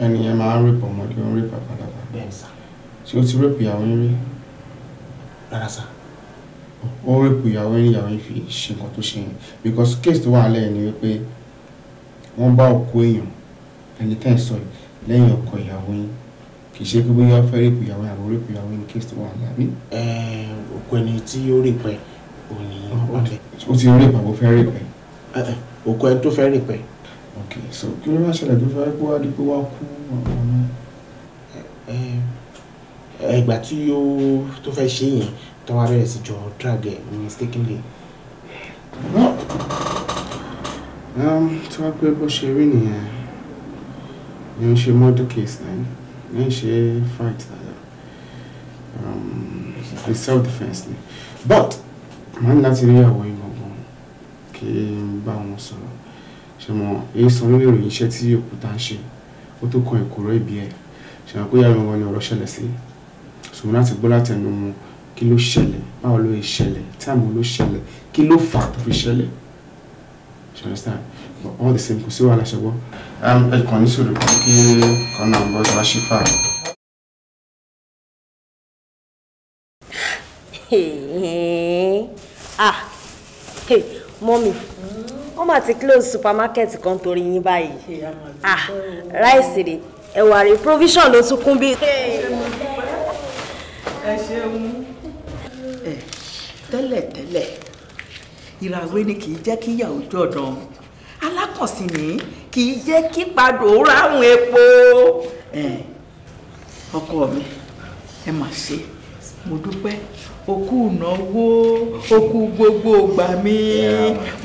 ẹni yẹn máa ń rèpà ọmọdé ó ń rèpà àgbàlagbà ṣé o ti rèpà ìyàwó yín rí. rárá sá. ó rèpà ìyàwó yín ìyàwó yín fi ṣe nǹkan tó ṣe yẹn because case tó wà lẹ́yìn ni wípé wọ́n bá òkú èèyàn ẹni tẹ́ ń sọ lẹ́yìn ọkọ ìyàwó yín kì í ṣe pé bóyá fẹ́ rí ìpìyàwó àbò rí ìpìyàwó ní kéésì tó wà ní àbí. òkú ẹni tí ó rí pẹ òní ọkẹ. ó ti rí ìpàgọ́ fẹ́ rí òkú ẹni tó fẹ́ rí ok so kí ló máa ṣẹlẹ̀ tó fẹ́ kó wá di pé wá kú ọ̀rọ̀ náà. ẹgbà tí ó tó fẹ́ ṣe yẹn tó wá bẹ̀rẹ̀ sí jọ drag ẹ̀ mistakenly. Um, tí wọ́n pẹ́ bó ṣe rí nìyẹn ni ó ṣe mọ́dún case náà ní she fight um, self defense, ni but man, ní láti rí ìyàwó yìí go. kí n bá so, sọ̀rọ̀ mo. mọ èyí sọ nínú ìròyìn iṣẹ́ tí òkúta ń ṣe ó tó kan ìkòrò ìbí ẹ̀ ṣe mọ pé ìyá mi wọn ni ọ̀rọ̀ ṣẹlẹ̀ sí ṣùgbọ́n láti gbọ́ láti ẹnu wọn kí ló ṣẹlẹ̀ báwo ló ṣẹlẹ̀ táàmù ló ṣẹlẹ̀ kí ló fà tó fi ṣẹlẹ̀ ṣe understand but all the same kò sí wàhálà ṣẹgbọ́n ẹ kàn ní sùúrù kan kí kọ́nà ń bọ́ wá sí fàárọ̀. mọ́mì wọ́n máa ti close supermarket kan torí yín báyìí ráìsì rè ẹ̀wà rè provision ló tún kún bí. ẹ ṣeun tẹ́lẹ̀tẹ́lẹ̀ ìràwé ni kì í jẹ́ kíyàwó jọ̀dán alákànsìn ni kì í jẹ́ kí padò ráhùn epo ọkọ mi ẹ mà ṣe mo dúpẹ́ okú ìnáwó okú gbogbo ìgbà mi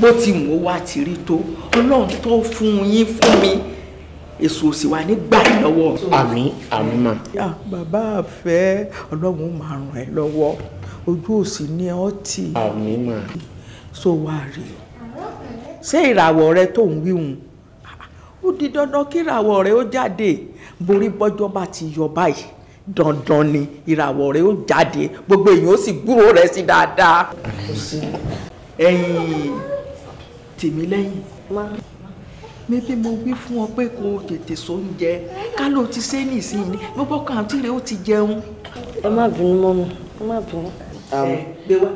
bó ti wò wá ti rí tó ọlọ́run tó fún yín fún mi èso òsì wa nígbà lọ́wọ́. àmín àmín mà. bàbá àfẹ́ ọlọ́run ó máa ràn ẹ́ lọ́wọ́ ojú òsì ni ọtí. àmín mà. so wá rí o ṣé ìràwọ̀ rẹ tó ń wíhun ó di dandan kí ìràwọ̀ rẹ ó jáde borí bọ́jọ́ bá ti yọ báyìí dandan ni ìràwọ̀ rẹ ó jáde gbogbo èèyàn ó sì gbúrò rẹ sí dáadáa. ẹ̀yin tèmi lẹ́yìn mébí mo wí fún ọ pé kò tètè sóúnjẹ ká ló ti ṣe nísìnyí mo bọ́ kàn tí rẹ ó ti jẹun. ẹ má bínú mọ́ mi ẹ má bínú. gbé wá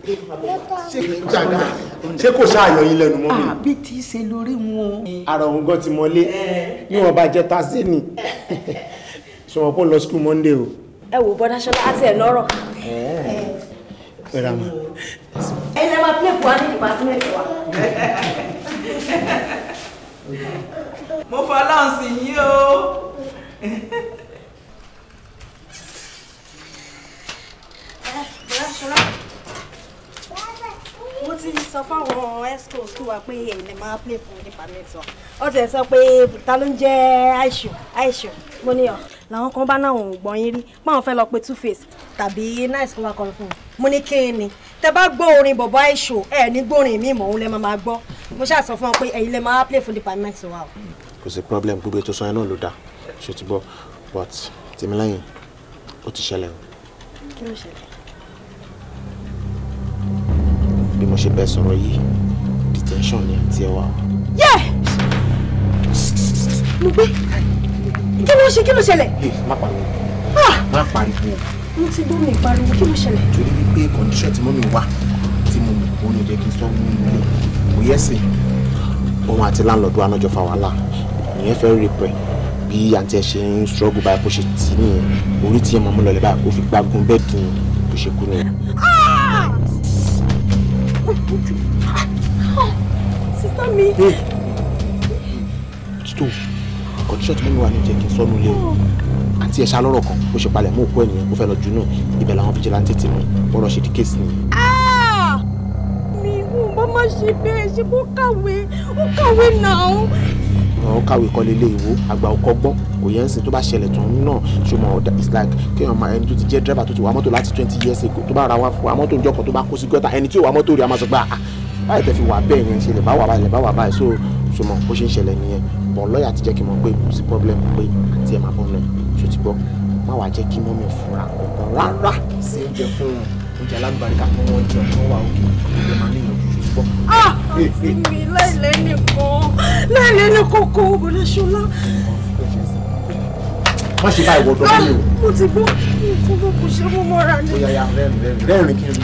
ṣé kò ṣáàyàn yín lẹ́nu mọ́ mi. àbí tí í ṣe lórí wọn. ara òun gan ti mọlé níwọ̀n bá jẹ́ tásí ni ṣùgbọ́n kó lọ school monday o. ẹ wo bọ́dá ṣọlá àti ẹ̀ lọ́rọ̀. ẹ lè máa play fún wa ní wa. mo fọlọ́run sí yín o. bọ́dá ṣọlá mo ti sọ fáwọn escos tó wà pé èyí lè máa play fún department wa ó ti sọ pé ta ló ń jẹ àìṣù àìṣù mo ní ọ làwọn kan bá náwọn ò gbọ́n yín rí báwọn fẹ́ lọ pe two face tàbí nice kan wá kọrin fún un mo ní kí ni tẹ bá gbọ́ orin bọ̀bọ̀ àìṣù ẹ ní gbórin mi mọ̀ òun lẹ máa gbọ́ mo ṣáà sọ fún ọ pé èyí lè máa play fún department wa o. kò sí problem gbogbo ètò sanyẹn náà ló dáa ṣe ti bọ but tèmi lẹ́yìn ó ti ṣẹlẹ̀ o. kí ló ṣẹlẹ̀. mo ṣe bẹ́ẹ̀ sọ̀rọ̀ yìí detention ni àti ẹ wà. yẹ mo gbé kí ló ṣe kí ló ṣẹlẹ̀. má pariwo má pariwo. mo ti gbọ́ mi pariwo kí ló ṣẹlẹ̀. torí wípé condition tí mọ́mí wà tí mo mọ̀ òun ò jẹ́ kí n sọ wọ́n mi lé yẹ sí. òun àti láńlọ́ọ̀dù anájọ́ fa wàhálà ìyẹn fẹ́ rí pẹ́ bí àǹtí ẹ ṣe ń struggle báyìí kó ṣe tì í nìyẹn orí tí ẹ máa mú lọlẹ́ báyìí kó fi gbágun bẹ́ẹ̀ dín bó ṣe kú nìyẹn. Ah! bójú. sísá mi. títò kọ̀tíṣọ́ tí mo wà ní jẹ́ kí n sọ́nù ilé o àǹtí ẹ̀ ṣá lọ́rọ̀ kan bó ṣe palẹ̀ mọ́ òkú ẹ̀ nìyẹn kó fẹ́ lọ junú ibẹ̀ làwọn fìjìláńtì ti mú bọ́rọ̀ ṣe di kéèsì nìyẹn. Ah! mi ò bá má ṣe bẹ́ẹ̀ ṣe bó kàwé ó kàwé náà wọn kàwé kọ́lé ilé ìwò àgbà ọkọ̀ gbọ́ kò yẹn ń sìn tó bá ṣẹlẹ̀ tó ń nà ṣùgbọ́n ọ̀dà it's like kéèyàn máa ẹni tó ti jẹ́ dírẹ́bà tó ti wà mọ́tò láti twenty years ago tó bá ra wa fún wa mọ́tò ìjọkọ̀ tó bá kó sí gọ́tà ẹni tí ò wà mọ́tò rí a máa sọ pé ah, ah báyìí tẹ́ fi wà bẹ́ẹ̀ yẹn ṣe lè bá wà báyìí lè bá wà báyìí so ṣùgbọ́n ó ṣe ń ṣẹlẹ̀ nìyẹn bọ̀ lọ́ọ̀yà ti jẹ́ kí n pé kò sí problem pé tí ẹ máa bọ́ náà ṣó ti gbọ́ má wàá jẹ́ kí mọ́mí fúnra ọ̀gbọ̀n rárá sí oúnjẹ fún oúnjẹ alágbàríkà tó wọ́n jẹun tó wà òkè ìgbẹ́ máa níyànjú gbọ́. àǹtí ah, mi láìlẹ́ nìkan láìlẹ́ nìkan kó bọ̀dá ṣọlá. má ṣe bá ìwọ dọ́gbọ́n mi o. Ah, mo ti gbọ́ mo ti gbọ́ kò ṣe mú mọ́ra ni. bóyá ya rẹ́rìn rẹ́rìn kí n rí.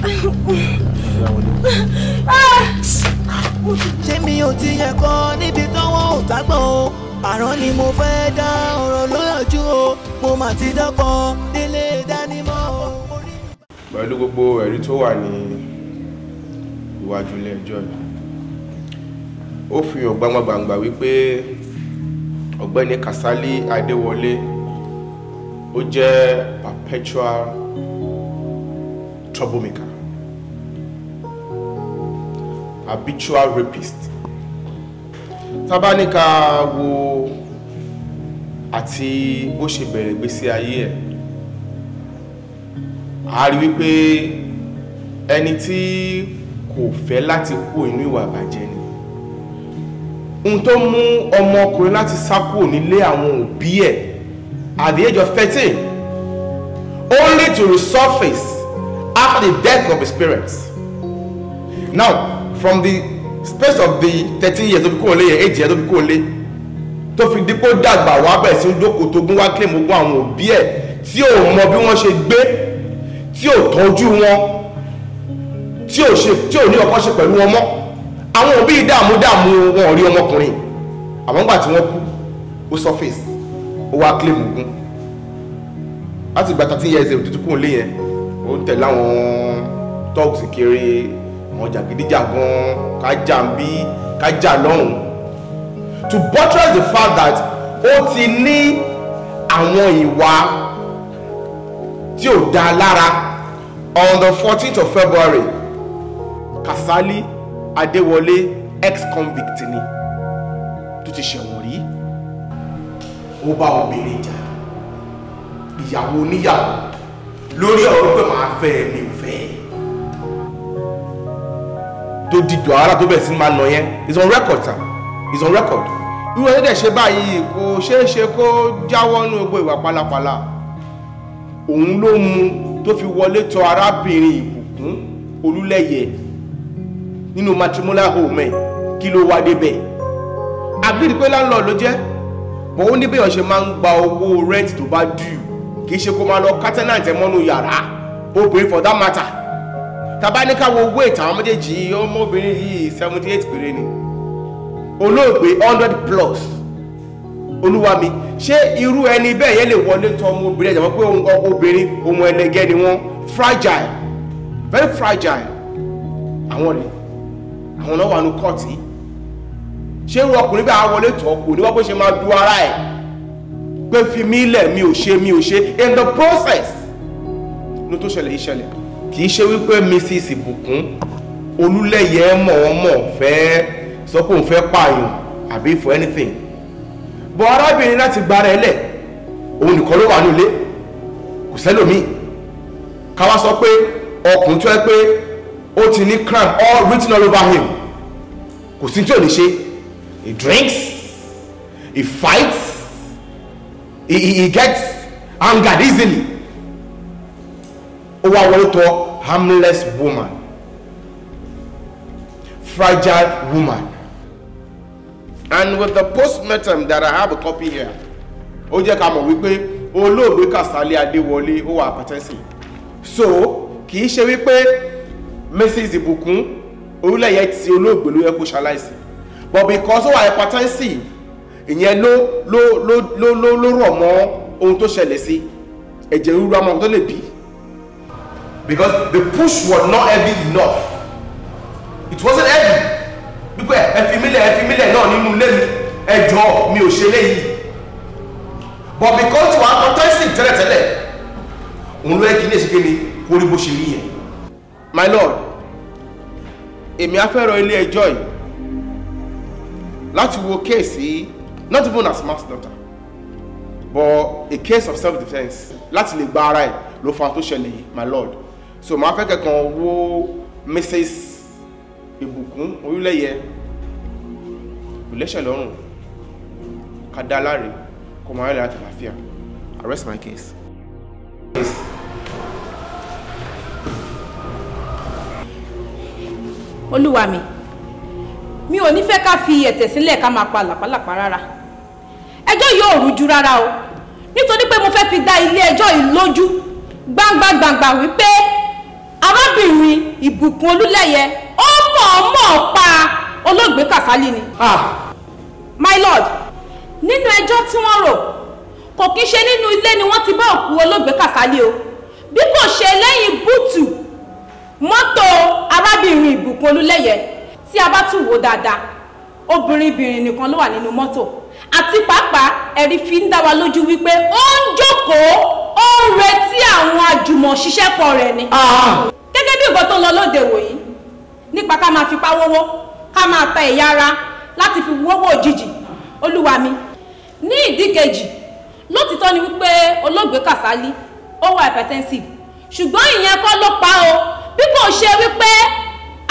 Ah, ṣé ò ti yẹ kan níbi tọ́wọ́ ò tágbọ́n o àrán ni mo fẹ́ dá ọ̀rọ̀ lóyànjú o mo mà ti dọ́kọ̀ délé dánimọ̀ o. pẹ̀lú gbogbo ẹ̀rí tó wà ní iwájú ilé ẹjọ́ yìí ó fi hàn gbangba-gbangba wípé ọ̀gbẹ́ni Kasali Adéwọlé ó jẹ́ perpetual troublemaker habitual rapist tábánika wo àti bó ṣe bẹ̀rẹ̀ ìgbésí ayé ẹ̀ a rí wípé ẹni tí kò fẹ́ láti kú inú ìwà ìbàjẹ́ ni ohun tó mú ọmọ láti sá kúrò nílé àwọn òbí ẹ̀ at the age of thirteen only to resurface after the death of his parents now from the space of the thirteen years tó fi kúrò lé yẹn eight years tó fi kúrò lé tó fi dípò dàgbà wá bẹ̀rẹ̀ sí ń dókòó wá claim ogún àwọn òbí ẹ̀ tí ò mọ bí wọ́n ṣe gbé tí ò tọ́jú wọn tí ò ṣe tí ò ní ọkọ ṣe pẹ̀lú ọmọ àwọn òbí dààmú dààmú wọn ò rí ọmọkùnrin àwọn gbà tí wọ́n kú ó surface ó wá claim ogun láti gba thirteen years old tuntun kúrò lé yẹn ó ń tẹ̀lé àwọn thugs kiri àwọn jàgídíjàgan kájà ń bí kájà lọ́hùn to buttress the fact that ó ti ní àwọn ìwà tí ò dá lára on the fourteenth of February Kasali Adéwọlé ex-convict ni tó ti ṣẹ̀wọ̀n rí ó bá obìnrin jà ìyàwó oníyàwó lórí ọ̀rọ̀ pé màá fẹ́ mi ò fẹ́ tó dìjọ ara tó bẹ̀rẹ̀ sí máa nà yẹn is on record sir is on record irú ẹni dẹ̀ ṣe báyìí kò ṣeé ṣe kó jáwọ́ nínú gbogbo ìwà pálapàla òun ló mú tó fi wọlé tọ̀ arábìnrin ìbùkún olúlẹ́yẹ nínú matrimonial home ẹ̀ kí ló wá débẹ̀ agídí pé láńlọ ló jẹ́ bọ̀ ó ní bẹ́yàn ṣe máa ń gba owó rent tó bá dùn kì í ṣe kó máa lọ kátẹ́nàtẹ́ mọ́nú yàrá obìnrin for that matter tàbá ní káwọ owó ìta àwọn méjèèjì ọmọbìnrin yìí seventy eight péré ni olóògbé hundred plus olúwa mi ṣé irú ẹni bẹ́ẹ̀ yẹn lè wọlé tọ ọmọbìnrin ẹ̀jẹ̀ wọ́n pé ohun obìnrin ohun ẹlẹgẹ́ ni wọ́n fragile very fragile àwọn rèé àwọn náà wà ní kọ́ọ̀tì ṣé irú ọkùnrin bí àwọn wọlé tọ́ kò ní wọ́n bó ṣe máa du ara ẹ̀ pé fi mí lẹ̀ mi ò ṣe mi ò ṣe in the process ló tó ṣẹlẹ̀ ìṣẹ̀lẹ̀ kì í ṣe wípé Mrs. Ìbùkún Olúlẹ̀yẹ mọ̀ wọ́n mọ̀ fẹ́ sọ pé òun fẹ́ pààyàn àbí for anything bọ́ arábìnrin láti gbára ẹ̀ lẹ̀ òun nìkan ló wà ní ilé kò sẹ́lòmíì ká wá sọ pé ọkùnrin tó ẹ pé ó ti ní crime all written all over him kò sí tí ò ní ṣe he drinks he fights he, he, he gets angered easily ó wá wọlé tọ̀ harmless woman fragile woman and with the postmortem that I have a copy here ó jẹ́ ká mọ̀ wípé olóògbé Kàsálí Adéwọlé ó wà àpẹtẹ́sì so kì í ṣe wípé Mrs. Ìbùkún orílẹ̀ yẹn ti olóògbé ló yẹ kó ṣaláìsí but because ó wà hypertensive ìyẹn ló ló ló ló ló ló rọ̀ mọ́ ohun tó ṣẹlẹ̀ sí ẹ̀jẹ̀ ríru ọmọ tó lè bí. because the push was not heavy enough it wasn't heavy pípẹ́ ẹ̀fìmílẹ̀ ẹ̀fìmílẹ̀ náà nínú ilé mi ẹ̀jọ̀ mi ò ṣe léyìí but because wàá hypertensive tẹ́lẹ̀tẹ́lẹ̀ òun ló yẹ kí ní èsì kéde kó rí bó ṣe rí yẹn my lord èmi á fẹ́ rọ ilé ẹjọ́ yìí láti wo kéèsì not even as mass daughter but a case of self defence láti lè gba ara ẹ̀ ló fa tó ṣẹlẹ̀ yìí my lord so màá fẹ́ kẹ́kàn wo mrs ìbùkún oyúlẹ̀yẹ kò lẹ́sẹ̀ lọ́rùn ká dá láre kó máa rẹ̀ láti àlàáfíà arrest my case. Yes. olúwa mi mi ò ní fẹ́ ká fi ẹ̀tẹ̀ sílẹ̀ ká máa pa làpálàpá rárá ẹjọ́ yóò rújú rárá o nítorí pé mo fẹ́ fi dá ilé ẹjọ́ yìí lójú gbangba gbangba wípé arábìnrin ìbùkún olúlẹ́yẹ ó mọ̀ọ́mọ̀ pa olóògbé kàsálí ni. ah my lord nínú ẹjọ́ tí wọ́n rò kò kí ń ṣe nínú ilé ni wọ́n ti bá òkú olóògbé kàsálí o bí kò ṣe lẹ́yìn búùtù mọ́tò arábìnrin ìbùkún olúlẹ́yẹ tí a bá tún wò dáadáa obìnrin bìnrin nìkan ló wà nínú mọ́tò àti pàápàá ẹ̀rí fi ń dá wa lójú wípé ó ń jókòó ó ń retí àwọn àjùmọ̀ṣiṣẹ́pọ̀ rẹ̀ ni. Ah, ah. gẹ́gẹ́ bí nǹkan tó ń lọ lóde wòyí nípa ká máa fipá wówó ká máa ta ẹ̀yà ara láti fi wówó òjijì olúwa mi ní ìdí lótìtọ́ ni wípé olóògbé Kàsálí ó wà hypertensive ṣùgbọ́n ìyẹn kọ́ ló pa o bí kò ṣe wípé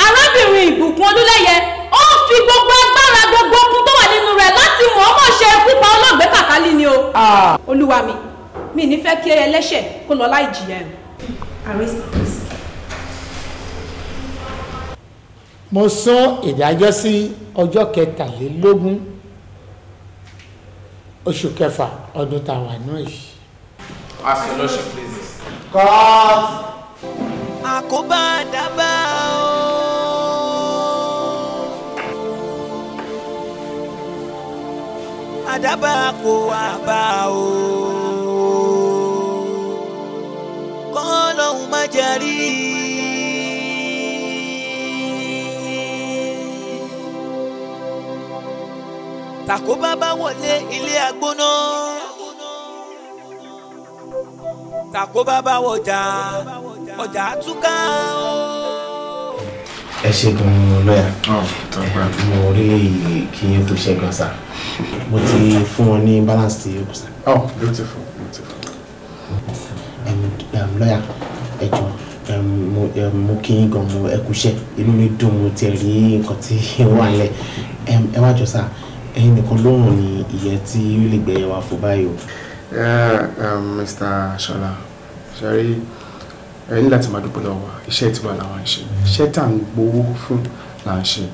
arábìnrin ìbùkún olúlẹ́yẹ ó fi gbogbo agbára gbogbo okun tó wà nínú rẹ̀ láti mọ̀ ọmọ ṣe ikú pa olóògbé Kàsálí ni o. Ah. olúwa mi mi ní fẹ́ kí ẹlẹ́ṣẹ̀ kó lọ láì jìyà ẹ̀. mo sún ìdájọ́ sí ọjọ́ kẹtàlélógún oṣù kẹfà ọdún tá a wà náà yìí. as the lordship pleases. God àkóbá dábàá o. àdábà kò wá bá o. kọ́lọ́hún má jarí. tàkóbá bá wọlé ilé agbóná. tàkóbá bá wọjà ọjà àtúkà o. ẹ ṣe gan-an lọ́yà oh, eh, mo rí kí yín tó ṣe gan sa mo ti fún wọn ní balance tí yóò sa. oh beautiful beautiful. lọ́yà ẹ jọ mo kí yín gan mo ẹ kúṣẹ́ inú mi dùn mo ti rí nǹkan tí wà lẹ̀ ẹ wá jọ sáà ẹ̀yin nìkan lóhùn ni ìyẹn tí ó lè gbẹ̀yẹ̀ wá fún báyìí o. Mr. Shola Sorry ẹ ní láti máa dúpẹ́ lọ́wọ́ wa iṣẹ́ tiwa làwọn ń ṣe iṣẹ́ tá à ń gbowó fún là ń ṣe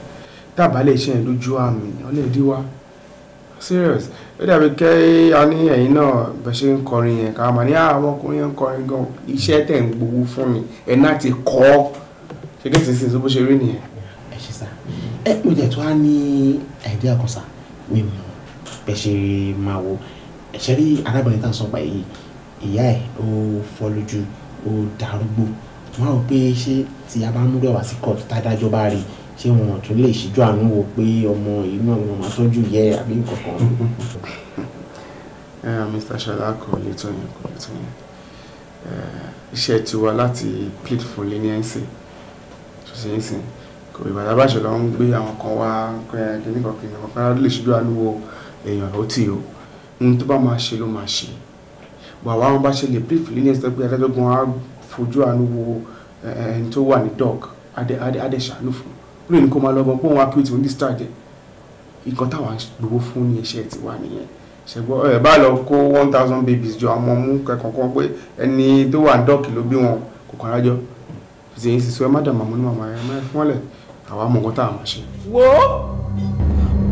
dábàá lè ṣe yẹn lójú àmì wọ́n lè rí wa serious ó dàbí kẹ́ a ní ẹ̀yin náà bẹ́ẹ̀ ṣe ń kọrin yẹn ká máa ní ah, àwọn ọkùnrin yẹn ń kọrin gan iṣẹ́ tẹ̀ ń gbowó fún mi ẹ̀ náà ti kọ́ ọ́ ṣe kí ẹ̀sìn sí bó ṣe rí nìyẹn. ẹ ṣe sá ẹ mo jẹ tó a ní àìdí àkọsà mi mọ bẹ́ẹ̀ ṣe máa wo ẹ̀ṣẹ̀ rí arábìnrin tá a sọ pa yìí ìyá ẹ̀ ó fọ́ lójú ó darúgbó wọn rò pé ṣé tí a bá múlò wá sí kóòtù tádájọ́ bá rí ṣé wọn tún lè ṣíjú àánú wo pé ọmọ inú ọmọ máa tọ́jú yẹ àbí nǹkan kan. Eh, Mr. Ṣọlá kò lè tó yẹn kò lè tó yẹn eh, iṣẹ́ tiwa láti plead for leniency tó ṣe é sìn kò ìbàdàn bá ṣọlá ń gbé àwọn kan wá kíní kan kíní kan kára lè ṣíjú àánú wo èèyàn ó tì o ohun tó bá máa ṣe ló máa ṣe bọ̀ àwa wọn bá ṣe lè brief lílẹ̀ sọ pé adájọ́ á fojú àánú wo eh, eh, ẹni tó wà ní dog adẹ́sàánú fún un lónìí kó máa lọ́gbọ́n pé òun akéwì tí òun dìstà jẹ nǹkan táwọn gbogbo fún ní ẹ̀ṣẹ̀ ti wà nìyẹn ṣẹgbọ́n ẹ̀ bá lọ kó one thousand babies jọ àwọn ọmọ kẹkọ̀ọ̀kan pé ẹni tó wà ní dọ́ọ̀kì ló bí wọn kò kàn rájọ́ ṣèyí sì ẹ má dààmú àmọ́ ní màmá ẹ má fún ọ̀lẹ̀ àwa mọ̀ nǹkan tá ṣe. wo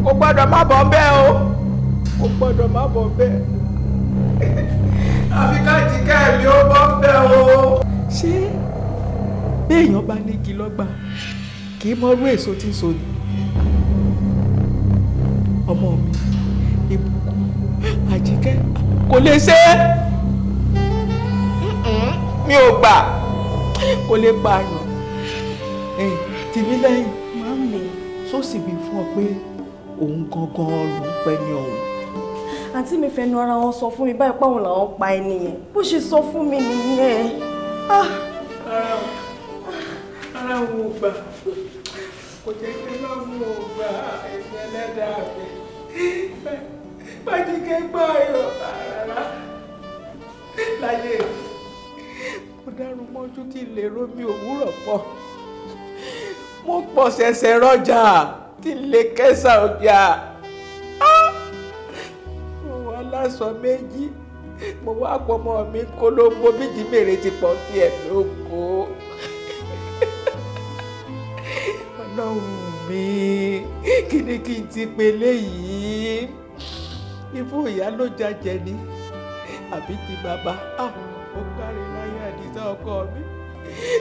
kò gbọ́dọ̀ má bọ̀ bẹ́ẹ̀ o kò gbọ́dọ̀ má bọ̀ bẹ́ẹ̀. àfi káàdì kẹ́ẹ̀mí ó bọ́ bẹ́ẹ̀ o. ṣé béèyàn bá nígi lọ́gbà kì í mọrú èso tí so ni ọmọ mi ìbùkún àjíkẹ́ kò lè ṣe é mi ò gbà kò lè pààyàn tìbí lẹ́yìn sósì wí fún ọ pé òun gangan ló pẹ́ ní ọ̀hún àǹtí mi fẹnu ara wọn sọ fún mi báyìí páwọn làwọn pa ẹni yẹn bó ṣe sọ fún mi nìyẹn. ara wo ara wo gbà kò jẹ́ pé lọ́wọ́ ò gbà ẹ̀mí ẹlẹ́dàá mi bájíkẹ́ gbà yọ rárá láyé kò dárú mọ́jú tí lè rómi òwúrọ̀ pọ̀ mo pọ̀ ṣẹ̀ṣẹ̀ rọjà tí lè kẹsà ọjà. Ah! lásọ méjì mo wá pọ̀ ọmọ mi kólóńgbó bíjì mèrè ti pọ̀ sí ẹ̀mí ògo ọlọ́run mi kí ni kí n ti pe léyìí ifú ìyá ló jàjẹ ni àbí ti bàbá ó kárí láyé àdìsá ọkọ mi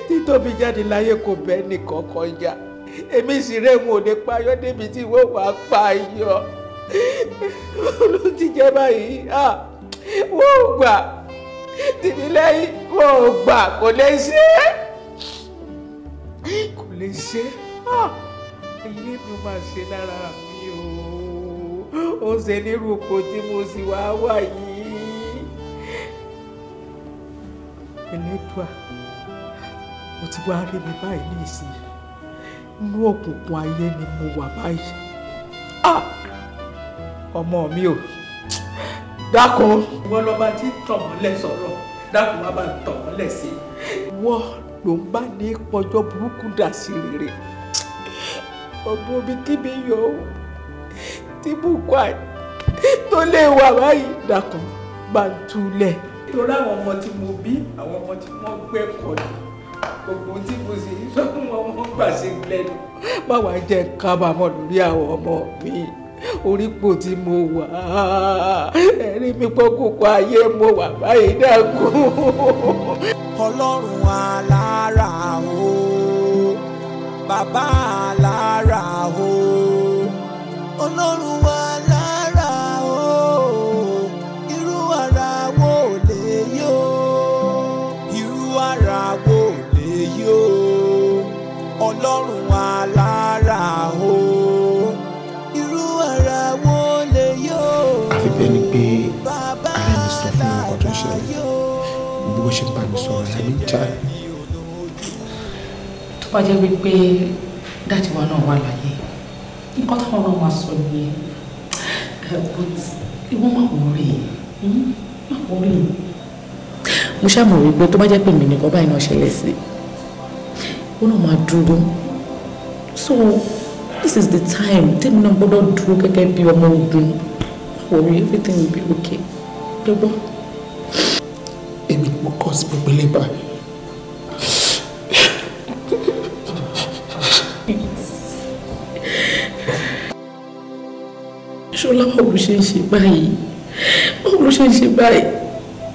títóbi jáde láyé kò bẹ́ẹ̀ nìkan kan jà èmi sì rẹ́ wọn ò lè payọ́ débi tí wọ́n wàá payọ́ ló ti jẹ́ báyìí wọ́n ò gbà tìbí lẹ́yìn wọ́n ò gbà kò lè ṣe é kò lè ṣe é ilé mi máa ṣe lára mi o ó ṣe nírú ipò tí mo sì wá wà yìí ẹlẹ́dùá mo ti wá rí mi báyìí ní ìsìn inú òkùnkùn ayé ni mo wà báyìí. Ah! ọmọ mi o dákun wọ́n lọ́ba tí tọ̀mọ́lẹ̀ sọ̀rọ̀ dákun wá bá tọ̀mọ́lẹ̀ sí i. wọ́n ló ń bá ní pọjọ́ burúkú dà sí rere ọgbọ́n mi kíbi yọ ọ́ tí bukwai tó lè wà báyìí dákun bá ń túlẹ̀. torí àwọn ọmọ tí mo bí àwọn ọmọ tí wọ́n gbẹ́kọ̀ọ́ ni gbogbo tí mo sì ń sọ fún wọn wọ́n gbà sí lẹ́nu. báwa jẹ́ kábàámọ̀ lórí àwọn ọmọ mi orípò tí mo wà ẹ̀rí mi pọ́kókó ayé mo wà báyìí dákun. ọlọ́run alára o bàbá alára o ọlọ́run alára o irú ara wo lè yó irú ara wo lè yó ọlọ́run alára o. bó ṣe bá mi sọ̀rọ̀ àyà mi já. tó bá jẹ́ wípé dájú wa náà wà láyé nǹkan táwọn náà máa sọ nìyẹn eh, but ìwọ máa wọ rí hmm? máa wọ rí. mo ṣàmọ̀ wípé tó bá jẹ́ pé mi nìkan báyìí náà ṣẹlẹ̀ sí ó náà máa dúró so this is the time tèmi náà gbọ́dọ̀ dúró gẹ́gẹ́ bí ọmọ ogun máa wọ rí everything will be okay. Dọ́gbọ́n èmi mo kọ́ sí gbogbo ilé báyìí. ṣọlá báwo ló ṣe ń ṣe báyìí báwo ló ṣe ń ṣe báyìí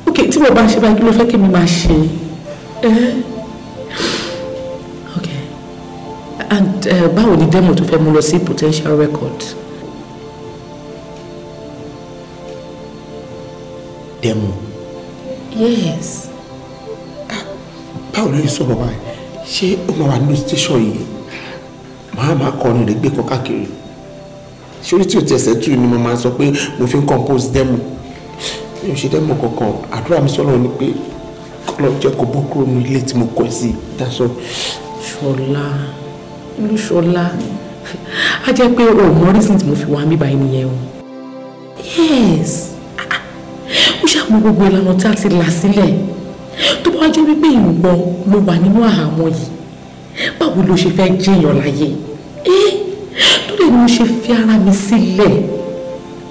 ok tí mo bá ń ṣe báyìí kí ló fẹ́ kí mi máa ṣe ok and báwo ni demo tó fẹ́ mú lọ sí potential record. demo yes. Ah, báwo ló yẹ sọ̀rọ̀ báyìí ṣé ó máa wà nínú station yìí màá máa kọrin rẹ̀ gbé kan káàkiri ṣorí tí o tẹ̀sẹ̀ tù ni mo máa sọ pé mo fi ń compose demo mi ò ṣe demo kankan àdúrà mi sọ́nà ni pé kọ́lọ́ jẹ́ kó bọ́ kúrò ní ilé tí mo kọ́ sí dáṣọ. ṣọlá ìlú ṣọlá a jẹ́ pé o mọ reason tí mo fi wá mí nìyẹn o. yes mọ gbogbo ìlànà tí a ti là sílẹ̀ tó bá jọ wípé ìwọ ló wà nínú àhámọ́ yìí báwo ló ṣe fẹ́ jẹyàn láyé tó lè ní mo ṣe fi ara mi sílẹ̀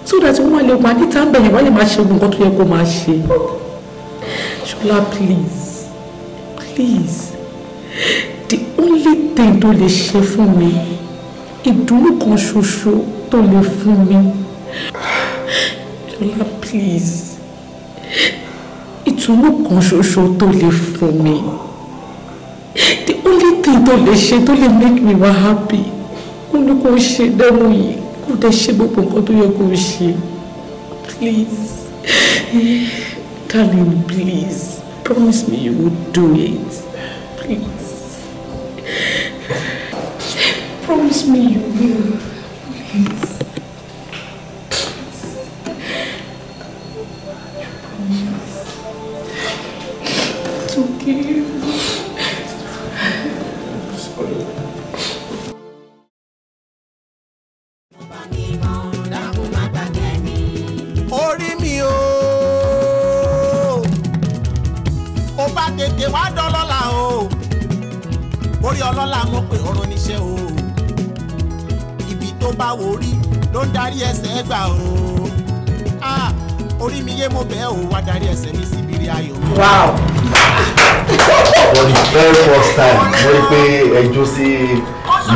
so that wọ́n lè wà níta ń bẹ̀yẹ̀ wọ́n lè máa ṣe nǹkan tó yẹ kó máa ṣe ṣọlá please please the only thing tó lè ṣe fún mi ìdùnnú kan ṣoṣo tó lè fún mi ṣọlá please ìtùnú kan ṣoṣo tó lè fún mi the only thing tó lè ṣe tó lè make me wa happy kó ní kó ṣe dẹ́mu yìí kó dẹ́ ṣe gbogbo nǹkan tó yẹ kó ṣe please darling please promise me you will do it please promise me you will please. gbà o ah, orí mi yé mo bẹ́ẹ̀ o wá darí ẹsẹ̀ mi sí ibiri ayọ̀. wow. for the very first time mo rí pé ẹjọ́ sí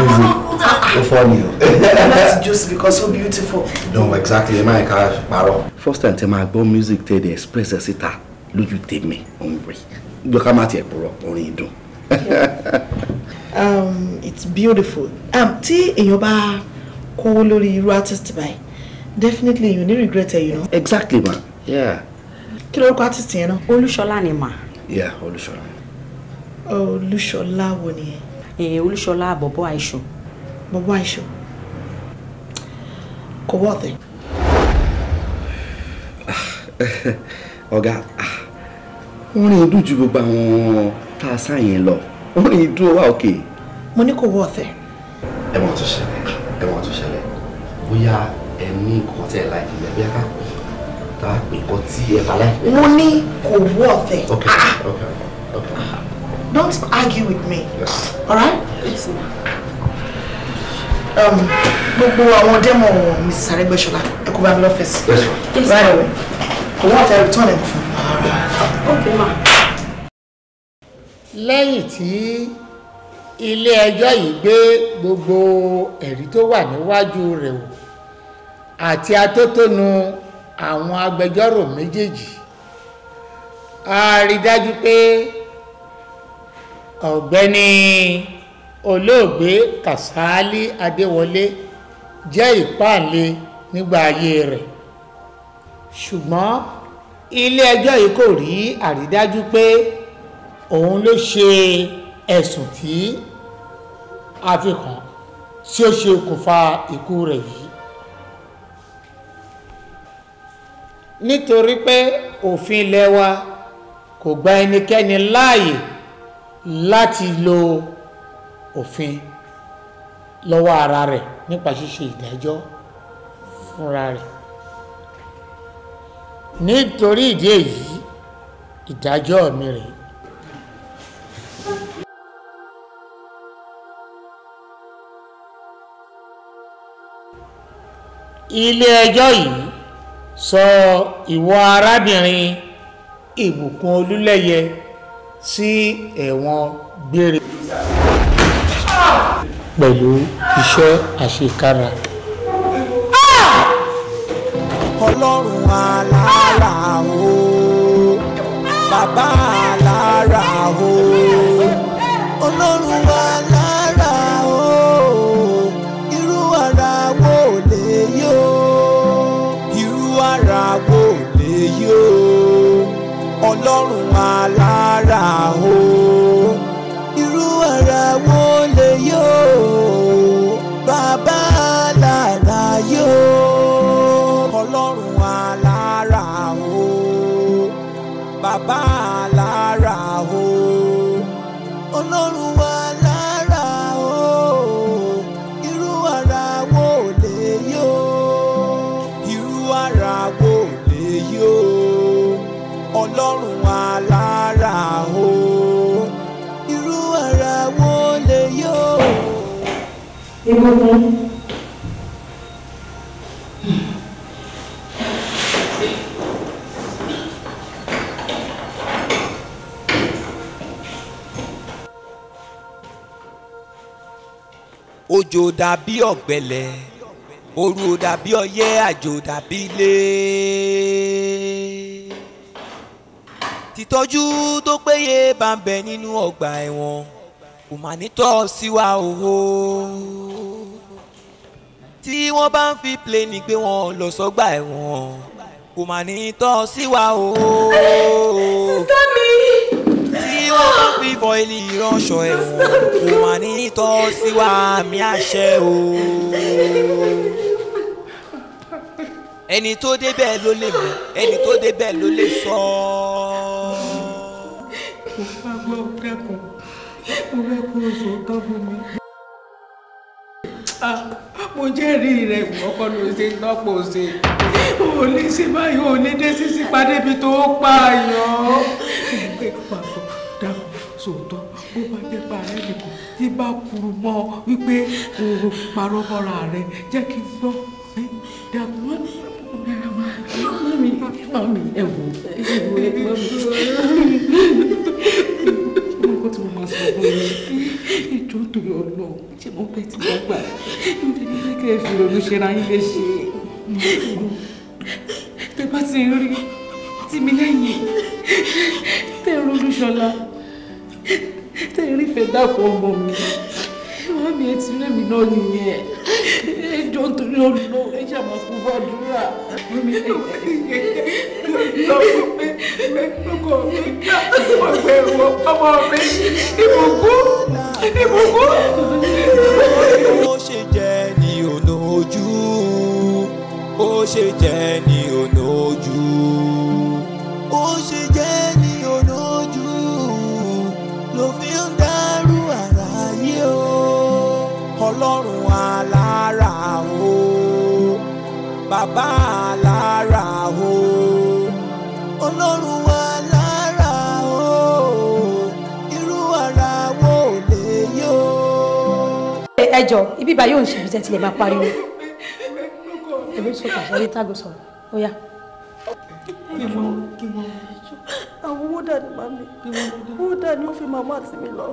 music ah, ó funny o. that's just because so beautiful. no exactly ẹ máa ń first time tẹ máa gbọ́ music tẹ dey express ẹ síta lójú tèmi òun rè gbọ́ ká má tiẹ̀ purọ́ orin ìdùn. um it's beautiful um, tí èèyàn bá kówó lórí irú artist báyìí definitely you need regret it you know. exactly ma yeah. kí lorúkọ artist yẹn náà. olúṣọlá ni mà. yeah olúṣọlá. olúṣọlá wo nìyẹn. ẹ eh, olúṣọlá bọ̀bọ̀ àìṣọ. bọ̀bọ̀ àìṣọ kò wọ́ọ̀tẹ̀. Ah, ọ̀gá orin ah, ìdún ju gbogbo àwọn tá a sáyẹn lọ orin ìdún wà òkè. mo ní kò wọ́ọ̀tẹ̀. ẹ wọ́n tún ṣẹlẹ̀ ẹ wọ́n tún ṣẹlẹ̀ bóyá ẹ ní nǹkan tẹ́ ẹ bí aká tá a tí ẹ bá láì kìlẹ̀. mo ní kò wú ọ̀fẹ́. okay ah! okay okay. don't argue with me yes. all right. Yes. Um, gbogbo àwọn dẹ́mọ̀ Mrs. Arẹ́gbẹ́ṣọlá ẹ kó bá mi lọ́fẹ̀ẹ́sì. right away kò wọ́n àtẹ return ẹ̀ fún. okay ma. lẹ́yìn tí ilé ẹjọ́ yìí gbé gbogbo ẹ̀rí tó wà níwájú rẹ̀ wò àti atótónu àwọn agbẹjọ́rò méjèèjì a rí dájú pé ọ̀gbẹ́ni olóògbé Kàsálí Adéwọlé jẹ́ ìpáàlè nígbà ayé rẹ̀ ṣùgbọ́n ilé ẹjọ́ yìí kò rí àrídájú pé òun ló ṣe ẹ̀sùn tí a fi kàn tí ó ṣe okùnfà ikú rẹ̀ yìí nítorí pé òfin ilẹ̀ wa kò gba ẹnikẹ́ni láàyè láti lo òfin lọ́wọ́ ara rẹ̀ nípa ṣíṣe ìdájọ́ fúnra rẹ̀ nítorí ìdí èyí ìdájọ́ mi rèé ilé ẹjọ́ yìí sọ ìwọ arábìnrin ìbùkún olúlẹ́yẹ sí ẹ̀wọ̀n gbére pẹ̀lú iṣẹ́ àṣekára. ọlọ́run alára o bàbá alára o ọlọ́run wa. ọlọ́run alára o. Egungun. Òjò dàbí ọ̀gbẹlẹ̀, òru dàbí ọyẹ́, àjò dàbí ilé. Títọ́jú tó péye bá ń bẹ nínú ọgbà ẹ̀wọ̀n kò mà ní tọ́ sí wa o tí wọ́n bá ń fi pléènì gbé wọn lọ sọ́gbà ẹ̀wọ̀n kò mà ní tọ́ sí wa o tí wọ́n bá ń fi fọ́ìlì ránṣọ ẹ̀wọ̀n kò mà mi àṣẹ o ẹni tó débẹ̀ ló lè mọ̀ ẹni tó débẹ̀ ló lè sọ ọ́. ló sọ tán fún mi. mo jẹ́rìí rẹ̀ ìwọ́kọ́ ló ṣe lọ́pọ̀ ṣe ò lè ṣe báyìí ò lè dé sísí padé bí tó pààyàn. ìgbẹ́ pàtó dáhùn sòótọ́ bó bá jẹ́ pa ẹ́ nìkan tí bá kúrú mọ́ wípé kò parọ́ mọ́ra rẹ̀ jẹ́ kí n gbọ́ mami mami ẹ wò ẹ wò nǹkan tí mo máa sọ fún yín ìjọ torí ọlọ́run ṣé mo pẹ́ tí wọ́n gbà ń bẹ ní kẹ́kẹ́ ìfìrònú ṣe ra yín lè ṣe tẹ bá ti rí tìmí lẹ́yìn tẹ ronú ṣọlá tẹ rí fẹ́ dàpọ̀ ọmọ mi wọ́n mi etí rẹ̀ mi náà nìyẹn ẹ jọ nítorí ọ̀nà ẹ ṣe àmọ́ kó bá dúrà wọ́n mi ẹ̀ lọ́wọ́ mi lọ́kọ̀ mi ọ̀gbẹ́ ẹ̀wọ̀ ọmọ mi ìbùkún ìbùkún. ó ṣe jẹ́ ní ọ̀nà ojú ó ṣe jẹ́ ní ọ̀nà ojú ó ṣe jẹ́. ọlọ́run alára o bàbá alára o ọlọ́run alára o irú ara wo lè yó. ẹ jọ ibi bá yóò ń ṣe ibiṣẹ́ tilẹ̀ máa pariwo èmi sọ pàṣẹ ní tágò kí wọ́n kí wọ́n àwọn owó dà ní màmí owó dà ó fi màmá àti mi lọ.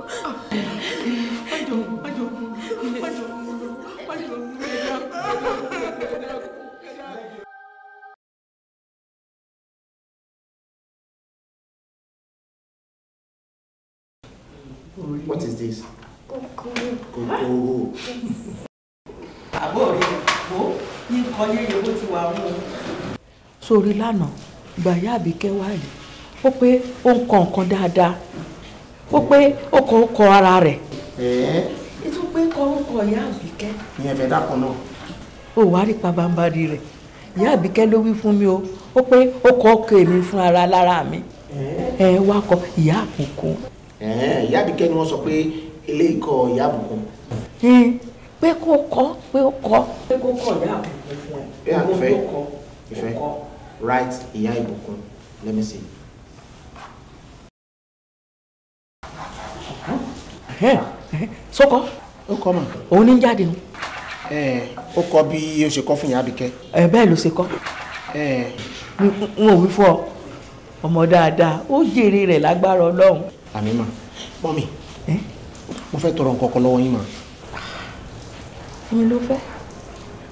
What is this? Koko. Koko. Àbọ̀ rí o, yín kọ́ yẹ́yẹ́ ti wà mú. Sori lánàá, gbàyà àbíkẹ́ wà yìí. ó pé ó ń kọ nǹkan dáadáa ó pé kọ ọkọ ara rẹ̀. ètò pé kọ ó ìyá àbíkẹ́. ní ẹ̀fẹ̀ dákun náà. ó wá rí pabambari rẹ̀ ìyá àbíkẹ́ ló wí fún mi o ó pé ó kọ ọkọ èmi fún ara lára mi ẹ wá kọ ìyá àbùkún. ìyá ni wọ́n sọ pé ilé ikọ ìyá àbùkù. pé kó pé ó pé kó sọkọ ó kọ mà. òun ní jáde o. ó kọ bí o ṣe kọ fún yàrá Àbíkẹ́. ẹ bẹ́ẹ̀ ló ṣe kọ. n ò wí fún ọ ọmọ dáadáa ó jèrè rẹ̀ lágbára Ọlọ́run. àmín mà mọ́mì mo fẹ́ tọrọ nǹkan kan lọ́wọ́ yín mà. èmi ló fẹ́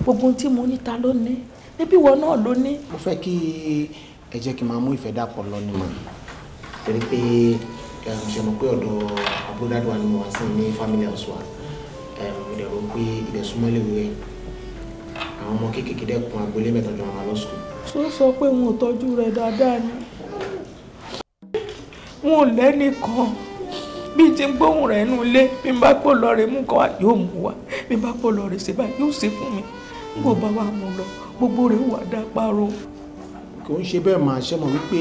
gbogbo ohun tí mo ní ta ló ní níbí ìwọ náà ló ní. mo fẹ́ kí ẹ jẹ́ kí n máa mú ìfẹ́ dàpọ̀ lọ ni mà. torí pé ṣe mọ̀ pé ọ̀dọ̀ àbúrò dáàdì wa ni mo wà sí ní family house wa mo dẹ̀ rò pé ibẹ̀ súnmọ́ léwé àwọn ọmọ kéékèèké dẹ́kun agboolé mẹ́tọ́jọ́ àwọn lọ sùkúl. tó sọ pé wọn ò tọ́jú rẹ̀ dáadáa ni wọn ò lẹ́nì kan bí ti ń gbóhùn rẹ̀ nù lé bí n bá pọ̀ lọ mú kan yóò mú wá bí n bá pọ̀ lọ ṣe báyìí yóò ṣe fún mi n kò bá wa mú lọ gbogbo rẹ̀ wà dá pààrọ̀ kò ń ṣe bẹ́ẹ̀ máa ṣe mọ̀ wípé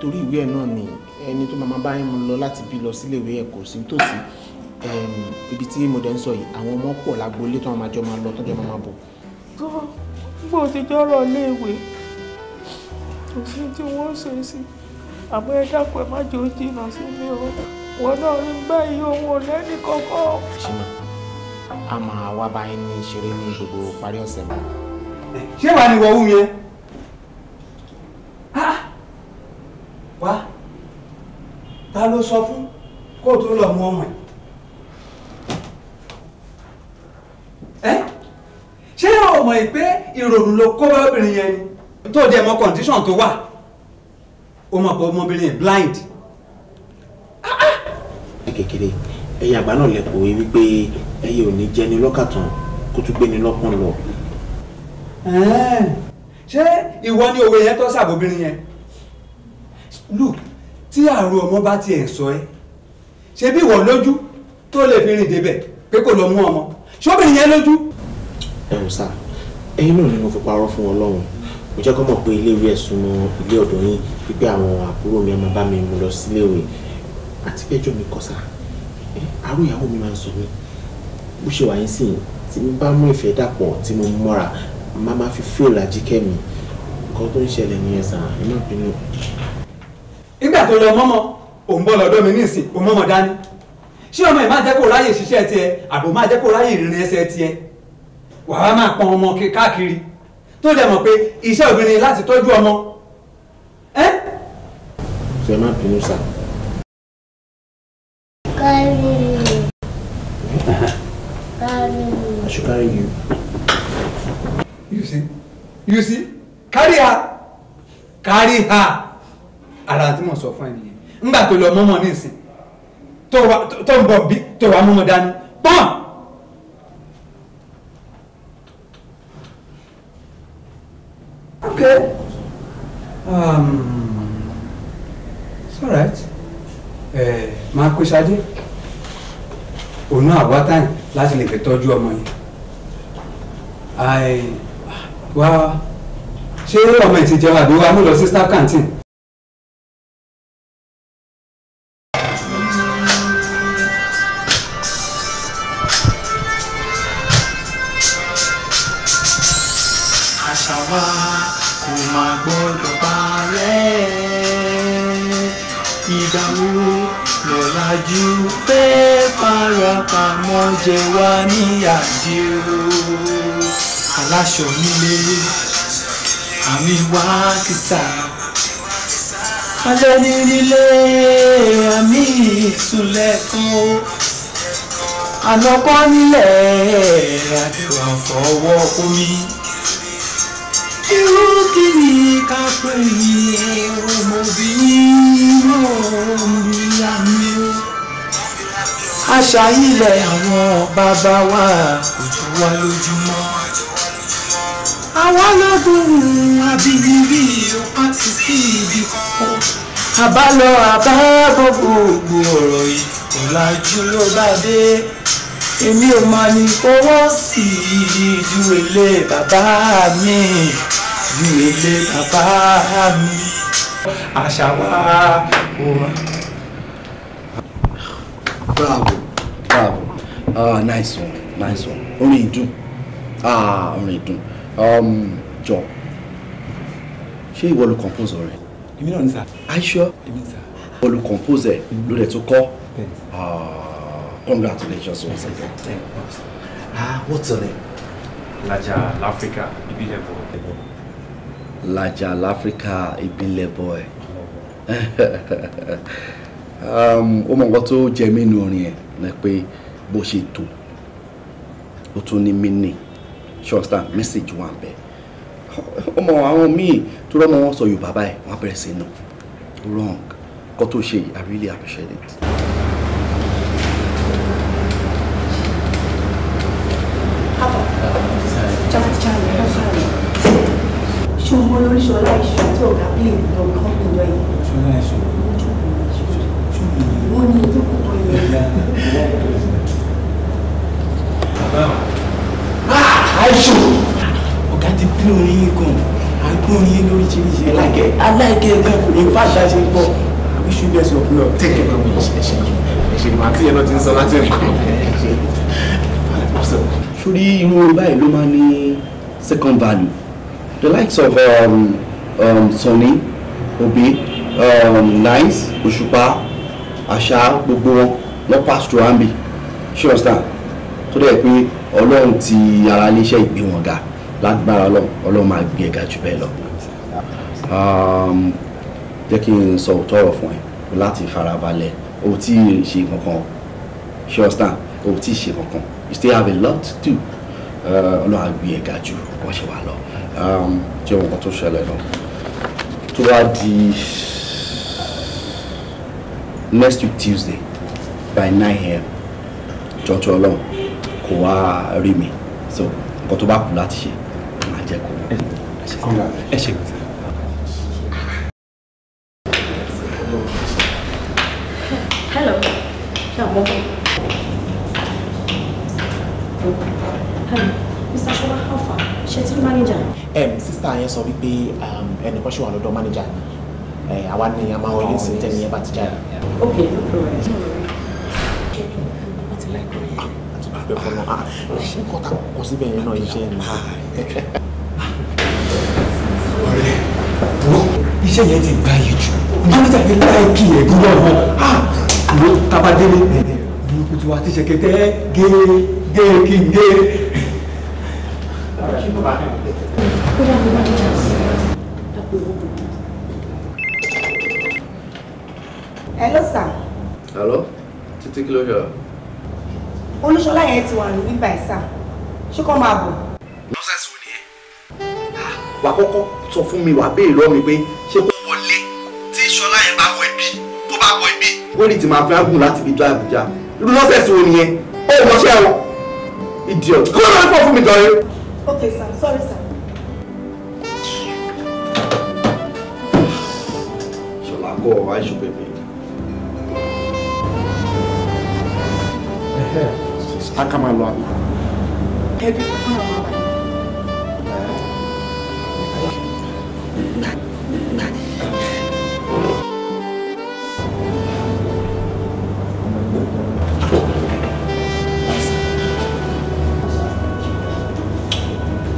torí ìwé ẹ̀ náà ni ẹni tó máa bá ń lọ láti bí lọ sílé ìwé ẹ̀ kò sí tòsí ibi tí mo dẹ̀ ń sọ yìí àwọn ọmọ pọ̀ lágboolé tó máa jọ máa lọ tọ́jọ́ máa bọ̀. bó o ti jọ́rọ̀ léèwé kò sí tí wọ́n ṣe sí àmọ́ ẹ dákun ẹ má jẹ́ ó jìnnà sí mi o wọn náà rí báyìí ohun ọ̀lẹ́ni kọ̀ọ̀kan. àṣìmọ́ a máa wá bá yín ní ìṣeré ní gbogbo parí ọ̀sẹ̀ mọ́. ṣé wàá ní wọ́n wú yẹn. wá ta ló sọ fún kó o tó lọ mú ọmọ ẹ ṣé o mọ̀ pé ìrònú ló kó bá obìnrin yẹn ni tó dẹ̀ mọ kọ̀ǹdíṣọ̀n tó wà o mọ̀ pé ọmọbìnrin yẹn blind. kékeré ẹ̀yin àgbà náà lẹ̀pọ̀ wípé ẹyẹ ò ní jẹni lọ́kàtàn kó tún gbéni lọ́kàn lọ. ṣé ìwọ ni òwe yẹn tó sàbòbìnrin yẹn look tí àrùn ọmọ bá tiẹ̀ sọ ẹ́ ṣe bí ìwọ lójú tó lè fi rìn débẹ̀ pé kò lọ mú ọmọ ṣọ́bìnrin yẹn lójú. ẹ ǹ sá ẹ̀yin náà ni mo fi parọ́ fún ọlọ́run mo jẹ́ kó mọ̀ pé iléèwé ẹ̀sùn mọ́ ilé ọ̀dọ́ yín pípé àwọn àbúrò mi ọmọ bá mi mú lọ síléèwé àti péjọ mi kọ sá àrùn ìyàwó mi máa ń sọ mí bó ṣe wà yín sí tí mo bá mú ìfẹ́ dàpọ̀ tí mo mọ́ra má má fi fíòlà jíkẹ́ mi nǹkan tó ń ṣẹlẹ̀ nìyẹn sàn ẹ má bínú nígbà tó lọ mọ́mọ́ òun bọ́ lọ́dọ̀ mi nísìn òun mọ́mọ́ dání ṣé ọmọ ẹ̀ máa jẹ́ kó ráyè ṣiṣẹ́ tiẹ̀ àbò máa jẹ́ kó ráyè ìrìn ẹsẹ̀ tiẹ̀ wàá máa pọn ọmọ káàkiri tó dẹ̀ mọ̀ pé iṣẹ́ obìnrin láti tọ́jú ọmọ ẹ́. ṣe má bínú sá. carry you. carry you. I should carry you. you see you see carry her carry her. ara tí mò sọ fún ẹ nìyẹn tó lọ mọ́mọ́ ní tó ń bọ̀ bí tó wà dání ok um, it's alright eh máa òun náà wá táyì láti lè fi tọ́jú ọmọ àì wá ṣé ọmọ ẹ̀ ti jẹun àbí wá canteen. àjù fẹ́ farapamọ́ jẹ wá níyà díẹ̀ o aláṣọ nílé àmì wá kìsà alẹ́ nílé àmì ìtúlẹ̀kùn o ànàkọ́ nílẹ̀ àdúrà fọwọ́ omi irú kí ni ká pè ní ọmọbìnrin náà mi àmì o àṣà ilẹ̀ àwọn bàbá wa kò jù wá lójúmọ́. àwa lọ́gùn àbínibí ọ̀pá ti sí ibi kan. àbálọ àbábọ̀ gbogbo ọ̀rọ̀ yìí ọ̀làjú ló bá dé èmi ò máa ní fọwọ́ sí ju èlé bàbá mi ju èlé bàbá mi àṣà wa ò wá bravo bravo ah nice one nice one orin ìdùn ah orin ìdùn um jọ ṣé ìwọ ló compose ọ̀rẹ́. èmi náà ní sá. are you sure. èmi ní sá. ìwọ ló compose ẹ mm-hmm. ló dẹ̀ tó kọ́. Ah, congratulations once again. ah what's your name. Laja Lafrika ìbílẹ̀ boy. Laja Lafrika ìbílẹ̀ boy. Ehm, ó mọ nǹkan tó jẹ mí nínú orin yẹn ni pé bó ṣe tó ó tún ní mínì ṣọ́ọ̀sán mẹ́sàgì wà ń bẹ ó mọ àwọn míì tó rọ́mọ wọn sọ Yorùbá báyìí wọ́n bẹ̀rẹ̀ sí nù wrong kó tó ṣe I really appreciate it. ṣùgbọ́n lóríṣọ́ láìṣọ́ tó ọ̀gá bíi ìlú ọ̀gá ọ̀gbìn lọ́yìn. ṣọlá ìṣòro ìwọ ni ìjókòó tó yẹ. àìṣù ọ̀gá ti pín orin yín gan à ń pín orin yín lóríṣiríṣi aláìkẹ́ aláìkẹ́ gan kò ní fàṣà ṣe pọ̀ àbí ṣùgbọ́n ẹ̀sìn ọ̀pọ̀lọ́ tẹ̀kẹ́ bá mi ṣe ṣe ṣe màá tí yẹn náà ti ń sọ láti ẹ̀kọ́. sórí irú báyìí ló máa second value the likes of um, um, Sunny Obi um, Nice Ushupa àṣà gbogbo wọn lọ pass through ambi ṣé o stand tó dẹ̀ pé ọlọ́run ti ara iléeṣẹ́ ìgbé wọn ga lágbára ọlọ́run máa gbé ẹ̀ga jù bẹ́ẹ̀ lọ. Um, jẹ́ kí n sọ òótọ́ ọ̀rọ̀ fún ẹ láti farabalẹ̀ o tí ì ṣe kankan ṣé o stand o tí ṣe kankan you still have a lot to do uh, ọlọ́run á gbé ẹ̀ga jù wọ́n ṣe wà lọ um, jẹ́ ohun kan tó ṣẹlẹ̀ náà tó bá di next week tuesday by nine am jọjọ ọlọ́run kò wá rí mi so nǹkan tó bá kù láti ṣe máa jẹ́ kó. ẹ hello hello mr shola how far ṣe tí manager. ẹ sista yẹn sọ wípé um, ẹnì kan ṣe wà lọ́dọ̀ manager àwa ni a máa wọlé sí tẹ́ni ẹ bá ti jáde. ok no problem. àti dúpẹ́ fọlọ́ ṣé kọ́ta kọ síbẹ̀ yẹn náà iṣẹ́ ni. ọ̀rẹ́ bro iṣẹ́ yẹn ti gbá yìí jù dókítà yẹn láìkì ẹ̀ dúró ọ̀hún ìwé tabadélé burúkú tí wàá ti ṣèkété géé géé kí n géé. Good afternoon. hello sir. hello títí kí ló ṣe ọ. olúṣọlá yẹn ti wà níbí báyìí sá ṣé kò máa bọ̀. nọ́sẹ̀sì ò ní ẹ́ ah, wà á kọ́kọ́ sọ fún mi wà á béèrè lọ́ọ́ mi pé ṣé kò wọlé tí ìṣọlá yẹn bá wọ ibi tó bá wọ ibi. wọ́n ti máa fi ágùn láti ibi tó àbújá idiot kó lóore fọ́ fún mi okay sir sorry sir. ṣọlá kọ́ ọ wá ìṣòpè mi. hair. Akamalwa.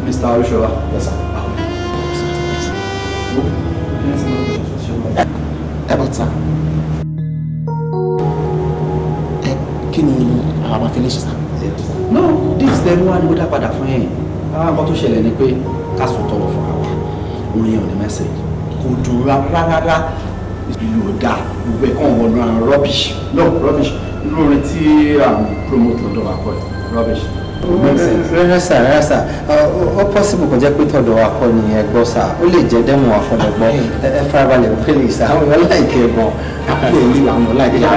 Mr. Arushola. Yes, sir. Yes, sir. àwọn máa fi léṣe sá. no this dem wá ni mo dá padà fún yẹn àwọn nǹkan tó ṣẹlẹ̀ ni pé káṣù tọrọ fún wa orin yẹn ò ní mẹ́sẹ̀gì kò dùn rárá rárá ìlú ọ̀dà gbogbo ẹ̀ kàn wọnú rubbish no rubbish lórí tí à um, promote lọ́dọ̀ wa kọ́ rubbish rẹ́rẹ́ sà rẹ́rẹ́ sà ó pọ́sibù kò jẹ́ pé tọ̀dọ̀ wa kọ́ ni ẹ gbọ́ sà ó lè jẹ́ dẹ́mọ̀ wa fún ọgbọ́n ẹ farabalẹ̀ pélé sà àwọn èèyàn láìkẹ́ ẹ bọ̀ àpò èmi làwọn láìkẹ́.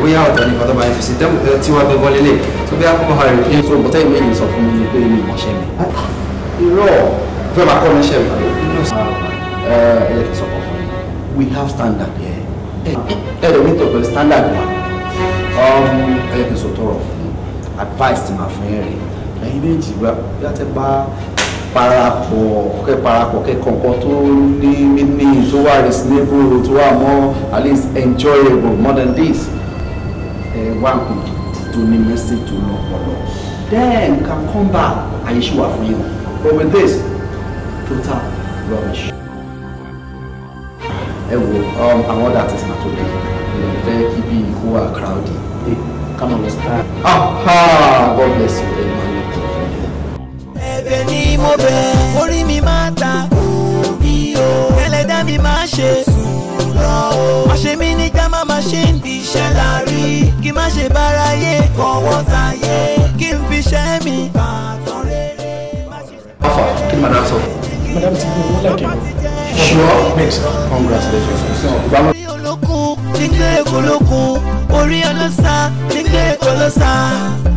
bóyá ọ̀tọ̀ ni kọ́tọ́ bá yẹn fi sí dẹ́mọ̀ tí wọ́n gbẹ́gbọ́n lélẹ̀ tó bí akọ́kọ́ rẹ̀ pé tó bọ́tẹ́ ìwé yìí sọ fún mi ni pé mi mọ̀ṣẹ́ mi. irọ́ fẹ́ máa kọ́ we have standard here. ẹ̀ẹ́dẹ̀ mi tọ̀pẹ̀ standard wa um, ẹ̀ẹ́dẹ̀ mi sọ advice tí màá fún rẹ̀ ẹ̀yin méjì bí a ti bá parapọ̀ kẹ́ parapọ̀ kẹ́ kọ̀ọ̀kan tó ní mímí tó wà reasonable tó wà more at least enjoyable more than this ẹ wá nǹkan tó ní message tó lọ pọ̀lọ̀ then can come back àyè ṣì wà fún yín but with this total rubbish ẹ wo um, àwọn dàtí sinatọ́lẹ̀ ẹ fẹ́ ibi ìkó àkàrà òdì ká máa lọ God bless you very much. orí mi máa ta òbí o mi máa ṣe sùn lọ ṣe mí ní jámá má ṣe ń di iṣẹ́ kí má ṣe bára yé fọwọ́ sáyé kí n fi ṣẹ́ mi bàtàn rere. Afa, kí ni madam sọ? Madam ti gbé owó lẹ́kẹ̀ẹ́ mi. Sure, makes congratulations. So, lókun ti gbé èkó lókun orí ọlọ́sà ti gbé èkó lọ́sà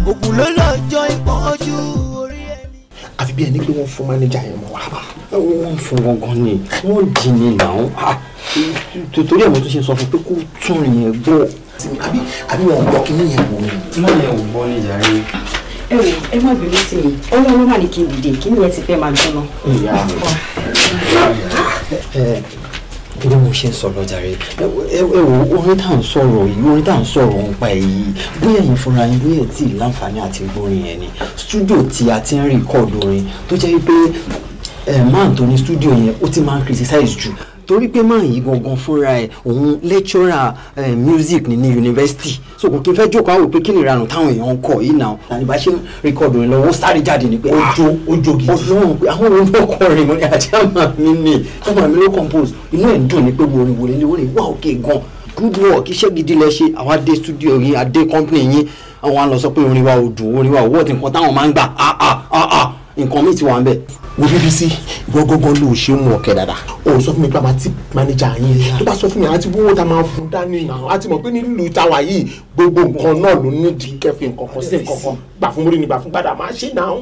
òkú ló lọ́jọ́ ìpọ́njú orí ẹni. àfi bí ẹni pé wọ́n fún mánéjà yẹn mọ́ wàhálà wọ́n fún gangan ni wọ́n dì ní náà torí àwọn tó ṣe sọ fún pé kó tún yẹn gbọ́. àbí àbí wọn gbọ́ kí nìyẹn wò ni. má yẹn ò gbọ́ níjà rí ẹ wò ẹ má bínú sí mi ọlọ́run wà ní kí n dìde kí nìyẹn ti fẹ́ máa jóná bí mo ṣe ń sọ̀rọ̀ jàre ẹ wò orin tá à ń sọ̀rọ̀ yìí orin tá à ń sọ̀rọ̀ ń pa èyí bóyá ẹ̀yin fúnra yín bóyá ẹ̀ tí ì láǹfààní àti gbórin yẹn ni stúdíò tí a ti ń rìkọ́ọ̀dù orin tó jẹ́ pé eh, máà tó ní stúdíò yẹn ó ti máa ń criticize jù torí pé máa yí gangan fúnra ẹ̀ òun lecturer eh, music ni ní university so kò kí n fẹ́ jókòó àwọn òpin kí ni ìranù táwọn èèyàn ń kọ yìí náà àní bá ṣe ń rékọdù rẹ lọ́wọ́ sáré jáde ni pé ojú ah, ojú gidi ọlọ́run pé àwọn òun náà kọ rìn àti àmà mi ni àmà mi ló compose inú ẹ̀ ń dùn ni pé wòrin wòrin ni wòrin wà òkè gan good work iṣẹ́ gidi lẹ ṣe àwọn adé studio yín adé company yín àwọn àlọ́ sọ pé orin wa ò dùn orin wa ò wọ́ọ̀tì nǹkan táwọn máa ń gbà áà ah, áà ah, nǹkan mi ti wà ń bẹ̀. wo bíbí sí ìwọ gángan ló ṣe mú ọkẹ dada o sọ fún mi pé àmàtí mánéjà yín tó bá sọ fún mi àti wọ́n ta máa fún dání àwọn àti mọ̀ pé nílùú tàwa yìí gbogbo nǹkan náà ló ní di kẹfì nǹkan sí nǹkan gbà fún mórí ni gbà fún gbàdà máa ṣe náà.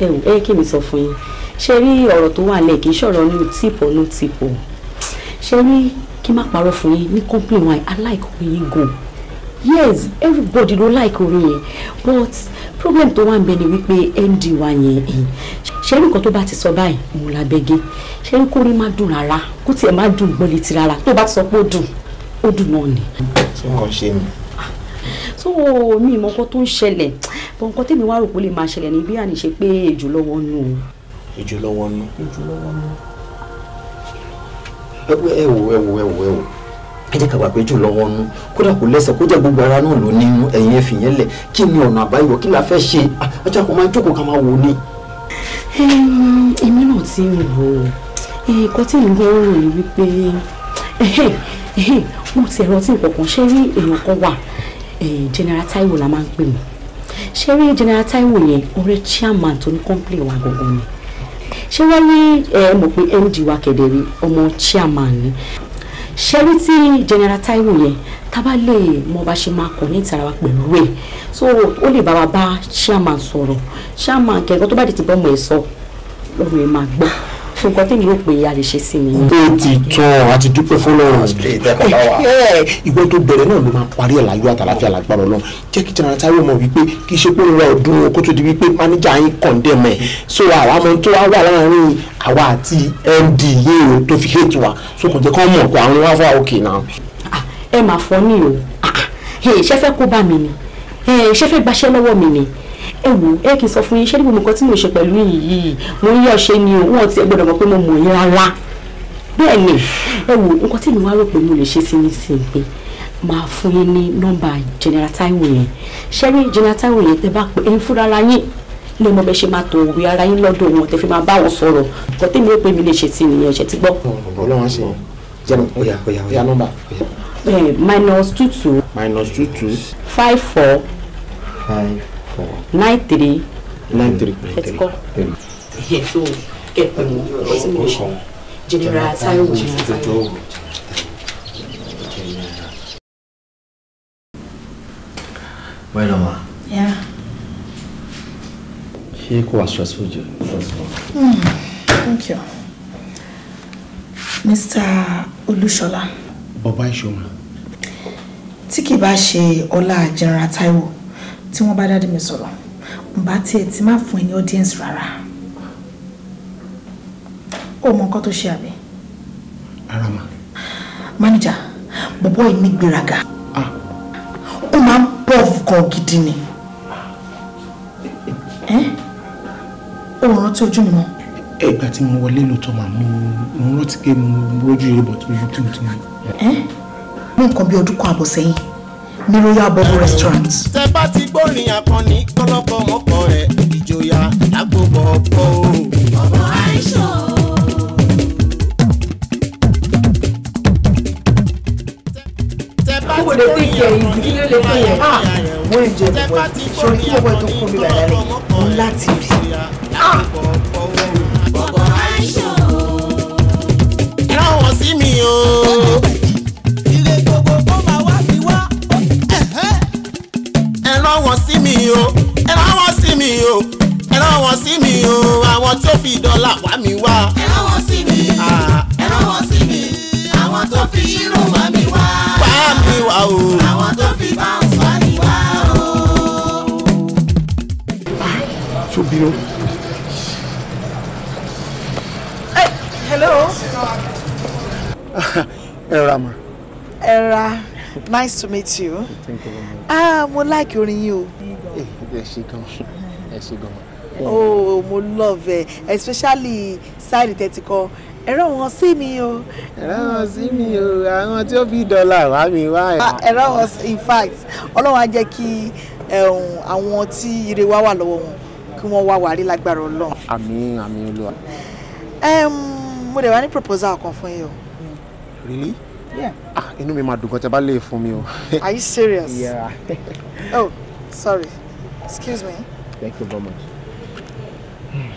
ẹ ẹ kí mi sọ fún yín ṣe rí ọ̀rọ̀ tó wà lẹ̀ kì í ṣọ̀rọ̀ ní tìpọ̀ ní tìpọ̀ ṣe rí kí má parọ́ fún yín ní complain why i like oyin go yes everybody ló like orin yẹn but problem tó wà ń bẹ ni wípé md wa yẹn ṣẹ́rí nǹkan tó bá ti sọ báyìí òun la bẹ́gẹ́ ṣẹ́rí kó rí má dùn rárá kó tiẹ̀ má dùn gbọ́n létí rárá tó bá ti sọ pé ó dùn ó dùn náà ni. ṣé wọn ṣe mi. tó o mi ìmọ̀ nǹkan tó ń ṣẹlẹ̀ bọ̀ nǹkan tèmi wá rò pé lè máa ṣẹlẹ̀ ní bí àníṣe pé èjò lọ́wọ́ nù. èjò lọ́wọ́ nù. èjò lọ́wọ́ nù. ẹ wo ẹ wo ẹ wo ẹ wo ẹjẹ́ ká gbàgbé jù lọ́wọ́ nú kódà kò lẹ́sẹ̀ kó jẹ́ gbogbo ara náà ló ní inú ẹ̀yìn yẹn lẹ̀ kí ni ọ̀nà àbáyọ kí la fẹ́ ṣe ajá kò máa jókòó ká máa wò ni. èmi náà ti ń wò ó nǹkan tí mo gbọ́ rò ní wípé mo ti ẹ̀rọ tí nǹkan kan ṣe rí èèyàn kan wà general Taiwo la máa ń pè mí ṣe rí general Taiwo yẹn ọ̀rẹ́ chairman tó ní complain wa gangan ni ṣé wọ́n rí ẹ mọ̀ MD wa kedere ọmọ chairman ni ṣẹ́rí tí general Taiwo yẹn tábà lè mọ bá ṣe máa kọ̀ ní ìtara pẹ̀lú ẹ̀ so ó lè bá wa bá chairman sọ̀rọ̀ chairman kẹ̀kọ́ tó bá dé ti bọ́ ọmọ ẹ̀ sọ lọ́rùn ẹ̀ máa gbọ́ so nǹkan tèmi ò pé a lè ṣe sí mi. ó ti tán àti dúpẹ́ fọlọ́run eh, eh, ìwé tó bẹ̀rẹ̀ náà ló máa parí ẹ̀ láyọ̀ àtàlàfíà lágbára ọlọ́run jẹ́ kí jẹ́nara táwọn ọmọ wípé kì í ṣe pé òun ọdún okó tó di wípé mánéjà yín kọ̀ǹdẹ̀mù ẹ̀ so àwa mọ tó wá wà láàrin àwa àti md yìí o tó fi hate wa so kò jẹ́ kó mọ̀ pé àwọn wá fún wa òkè náà. Ah, ẹ máa fọ́ ní o ah, eh, ṣẹ́fẹ́ kó bá mi ni ṣẹ́fẹ́ gbaṣẹ́ lọ́wọ́ mi ni ẹ wò ẹ kì í sọ fún yín ṣé ní gbogbo nǹkan tí mò ń ṣe pẹ̀lú yìí mo ń yọ̀ ni o wọn ti ẹ gbọ́dọ̀ mọ̀ pé mo mọ̀ yín rárá bẹ́ẹ̀ ni ẹ wò nǹkan tí mi wá rò pé mo lè ṣe sí ní sí pé máa fún yín ní nọ́mbà General Taiwo yẹn ṣé rí General Taiwo yẹn tẹ bá pè é fúnra ara yín lè mọ bẹ ṣe máa tó òwe ara yín lọ́dọ̀ wọn tẹ fi máa bá wọn sọ̀rọ̀ nǹkan tí mi rò pé mi lè ṣe sí nìyẹn ṣe ti gbọ́. Ọlọ́run ṣe nine three. nine three. ẹtì kọ so kẹpẹ general Taiwo general Taiwo. Yeah. Ṣé kò wá stressful jù? Mm, thank you. Mr. Olúṣọlá. Baba Ìṣòwò. Tí kì bá ṣe General Taiwo, tí wọ́n bá dádì mi sọ̀rọ̀ ǹbá tiẹ̀ ti má fún ẹ ní audience rárá ó mọ nǹkan tó ṣe àbí. rárá ma. manager bọ̀bọ̀ yìí ní gbéraga ah. ó máa ń bọ̀ gan gidi ni ó rántí ojú mi mọ́. ẹgbà tí mo wọlé ló tọ́ màá mo rántí pé mo rójú ìrìbọ̀ tó yú tó tó. ní nǹkan bí ọdún kan àbọ̀ sẹ́yìn ní royal bubble restaurant. tẹ bá ti gbórin akọni kọlọkọ mọkọ ẹ ìjòyà lágbóbọ ọkọ o. ọmọ àìsàn. Ah, kí wo lè fi jẹ ìdí ló lè fi yẹ á wọ́n ń jẹ bọ̀bọ̀ ṣòro kí bọ̀bọ̀ tó kún mi bàrà rẹ̀ ń láti rí. bọ̀bọ̀ àìsàn. ìrànwọ́ sí mi o. sí mi o àwọn tó fi dọ́là wá mi wá. ẹ rán wọn sí mi ah. ẹ rán wọn sí mi àwọn tó fi irun wá mi wá. wá mi wá o. àwọn tó fi pounds wá mi wá o. ṣó bínú. hello. ẹ ra ma. ẹ ra nice to meet you. ah mo like orin yín o. Eh, ẹ ṣe gan ẹ ṣe gan oh mo love ẹ especially side tẹ́tí kọ ẹ̀rọ wọn sí mi o. ẹ̀rọ wọn sí mi o àwọn tí ó bí dọ́là wá mi wá ẹ̀. Ah, ẹ̀rọ wọn in fact ọlọ́run á jẹ́ kí àwọn tí ire wá wà lọ́wọ́ wọn kí wọ́n wá wàrí lágbára ọlọ́run. àmín àmín olúwa. mo dẹ̀ wá ní proposal kan fún yín o. really? yeah. ah inú mi máa dùn gan tẹ́ bá lè fún mi o. are you serious? yeah. oh sorry excuse me. thank you very much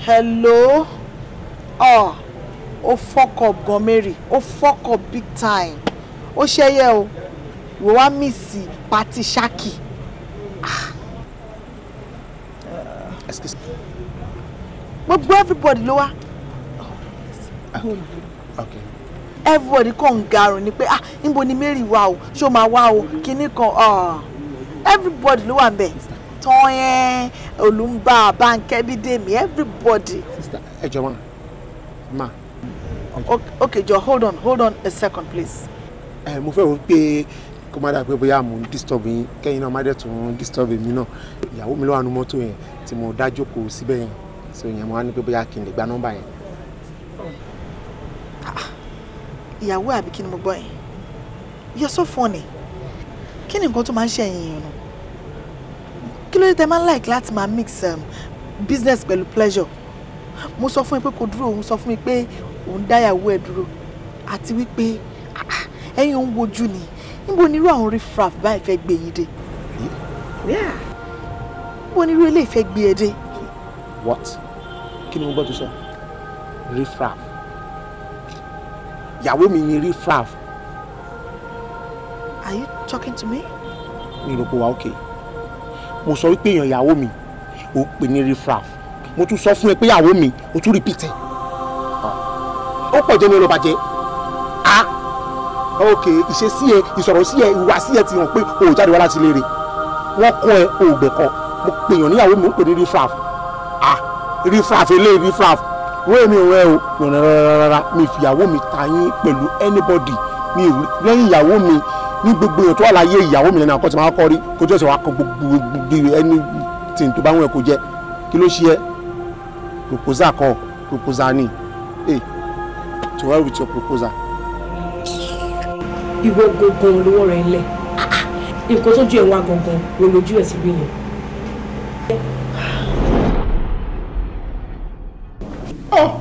hello Oh, ó fuck up gan Mary ó fuck up big time ó ṣẹyẹ o ìwọ wá mísì pati ṣáàkì. excuse me. gbogbo everybody ló wá. Oh, okay everybody kàn ń garùn ni pé ah níbo ni Mary wà o ṣó máa wá o kinní kan ah. everybody ló wà ń bẹ̀. Titan yẹn Olùmbà Bánkẹ́ Bídèmí everybody. sista ẹ jọ wọn ma. okay jọ hold on hold on a second please. ẹ mo fẹ́ wọ pé kó má dàgbé bóyá mo ń disturb yín kẹ́yìn náà má dẹ̀ tún disturb mi náà ìyàwó mi ló wà nínú mọ́tò yẹn tí mo dá jókòó síbẹ̀ yẹn so ìyẹn mo wá ní pé bóyá kí n lè gba nọ́mbà yẹn. Ah, ìyàwó àbí kí ni mo gbọ́ yẹn you're so funny kí ni nǹkan tó máa ń ṣe ẹ̀yìn yẹn nù kí ló dé tẹ máa ń like láti máa mix um, business pẹ̀lú pleasure mo sọ fún mi pé kò dúró òun sọ fún mi pé òun dáyàwó ẹ̀ dúró àti wípé ẹ̀yin òun wojú ni níbo ni irú àwọn riffraff báyìí fẹ́ gbé yín dé níbo ni irú eléyìí fẹ́ gbé ẹ dé. what kí ni mo gbọ́ tó sọ riffraff ìyàwó mi ni riffraff. are you talking to me. mi ò rò pé wà ókè. Okay mo sọ wípé èèyàn ìyàwó mi ò pè ní rifraf mo tún sọ fún ẹ pé ìyàwó mi ò tún rìpìtẹ ó pọ̀ jẹ́ ní olùbàjẹ́ a ok ìṣesí ẹ ìsọ̀rọ̀ sí ẹ ìwà sí ẹ ti hàn pé o ò jáde wá láti léèrè wọ́n kọ́ ẹ o ò gbẹ̀kọ́ mo pè èèyàn níyàwó mi ò pè ní rifraf a rifraf eléyìí rifraf wọ́n èmi ò rẹ o rárá mi fìyàwó mi ta yín pẹ̀lú anybody mi lẹ́yìn ìyàwó mi ní gbogbo ètò àlàyé ìyàwó mi lẹ́nu àkọ́tì máa kọ́ rí kó tó ṣe wàá kọ gbogbo ẹni tí n tó bá wọn kó jẹ kí ló ṣe ẹ proposal kan proposal ni ẹ to well with your proposal. ìwọ gangan lówó rẹ ń lẹ ah, ah, nǹkan tó ju ẹwà gangan wo lójú ẹ sí bí yẹn. Oh!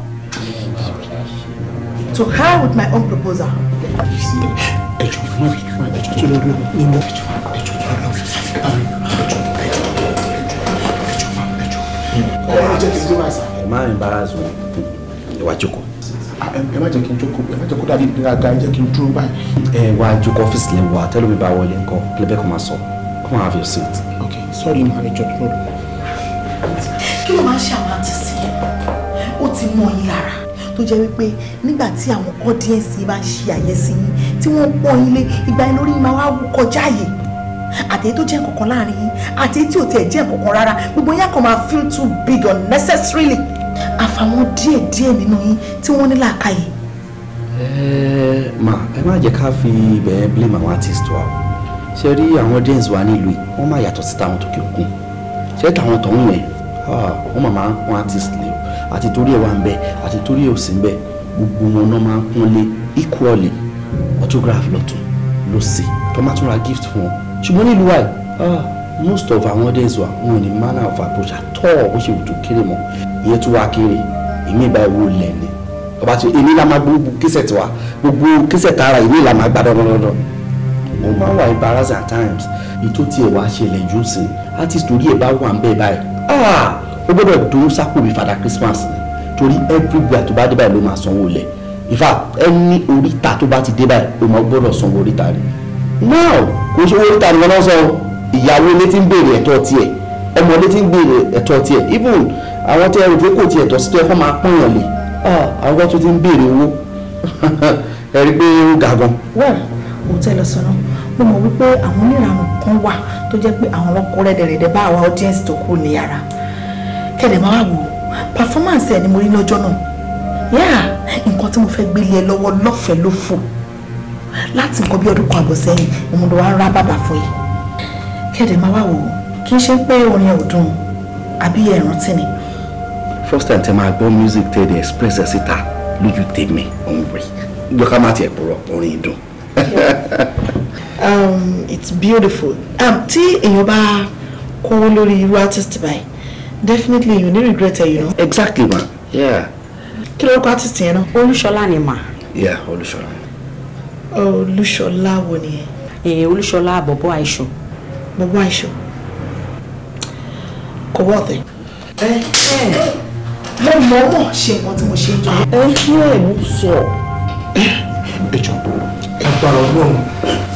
To her with my own proposal. Ẹ jọ̀wọ́ mọ̀ mi fún ẹ ẹjọ́ tó lórí ọ̀rọ̀ nínú ẹjọ́ ẹjọ́ tó lórí ọ̀rọ̀ àmì ẹjọ́ ẹjọ́ ẹjọ́ máa ẹjọ́. ẹ jẹ́ kí n tó bá sà. ẹ máa ń bára sùn ẹ jókòó. ẹ má jẹ́ kí mi bá wọlé ńkọ́ lẹ́bẹ̀ẹ́ kò máa sọ come and have your seat. ok sorry ma ẹjọ́ tó lọ. kí ló máa ń ṣe àwọn àǹtí sí ó ti mọ yín lára tó jẹ́ wípé nígbà tí àwọn audience bá ń ṣe àyẹ́sí yín tí wọ́n ń pọ́n yín lé ìgbà yẹn lórí máa wá wú kọjá yìí àtẹ̀yẹ tó jẹ́ kankan láàrin yín àtẹ̀yẹ tí ò tiẹ̀ jẹ́ kankan rárá gbogbo yẹn kàn máa feel too big unnecessarily àfàwọn díẹ̀ díẹ̀ nínú yín tí wọ́n ní làákàyè. ẹ má ẹ má jẹ́ ká fi ibẹ̀ blame àwọn artist wa ṣe rí àwọn audience wa nílùú yìí wọ́n máa yàtọ̀ sí tàwọn tòkè òkun ṣe tàwọn tọ̀hún yẹn ah, wọ́n máa wọn artist lè o àti torí ẹ̀ wà ń bẹ àti torí ẹ̀ ò sí ń bẹ gbogbo wọn náà máa ń pọ́n lé equally photograph lọ́tún ló sì tó má tún ra gift fún wọn ṣùgbọ́n nílùú wa ah. most of our audience wa wọn ò ní manner of approach àtọ́ bó ṣe wùdú kéré mọ́ ìyẹn tún wá kéré èmi ìgbà ìwò lẹ̀ ni ọba tí èmi la máa gbogbo kíṣẹ̀ tiwa gbogbo kíṣẹ̀ tara èmi la máa gbà dandandandan ó máa wà embarrassing at times ètò tiẹ̀ wá ṣẹlẹ̀ jù sí artist orí ẹ̀ bá wà ń bẹ́ẹ̀ báyìí ah! ó gbọ́dọ̀ dún sápò mi fada Christmas torí everywhere tó bá dé báyìí ló máa sanwó lẹ̀ in fact ẹni oríta tó bá ti dé báyìí o máa gbọ́dọ̀ san owó oríta rẹ̀ now kò ṣe owó oríta ni wọ́n náà sọ ìyàwó ilé tí ń béèrè ẹ̀tọ́ tiẹ̀ ọmọ ilé tí ń béèrè ẹ̀tọ́ tiẹ̀ even àwọn tí ẹrù tó kò tiẹ̀ tọ́ sí tó ẹ̀kọ́ máa pọ̀nyàn lé ah, àwọn kan tó ti ń béèrè owó ẹ rí pé ó ga gan. well òótọ́ ẹ lọ sọ̀rọ̀ mo mọ̀ wípé àwọn oníranù kan wà tó jẹ́ pé àwọn ọkọ̀ rẹ̀dẹ̀rẹ̀dẹ̀ bá àwa audience tó kù ní yàrá kẹ̀dẹ̀ máa wò performance ẹ̀ ni mo rí lọ́jọ́ náà yeah nǹkan tí mo fẹ́ gbélé ẹ lọ́wọ́ lọ́fẹ̀ẹ́ ló fò láti nǹkan bí ọdún kan àbọ̀ sẹ́yìn òun ló wá ń rá bàbà fún yìí kẹ́dẹ̀ máa wá wò ó kì í ṣe pé orin ẹ̀ àbí ẹ̀ rántí ni. first time tẹ máa gbọ́ music tẹ dey express ẹ síta lójú tèmi òun gbọ́ ká má tiẹ̀ purọ́ orin ìdùn. Um, it's beautiful um, tí èèyàn bá kówó lórí irú artist báyìí definitely you no regret it you know. exactly ma yeah kí lórúkọ artist yẹn náà. olúṣọlá ni mà. yeah olúṣọlá. Oh, olúṣọlá wo nìyẹn. ẹ eh, olúṣọlá bọ̀bọ̀ àìṣọ. bọ̀bọ̀ àìṣọ kò wọ́ọ̀tẹ̀. ẹ ẹ mo mọ̀ ṣe nǹkan tí mo ṣe ń jọ. ẹ kí ẹ mú sọ. ẹ jọ agbára ọlọ́run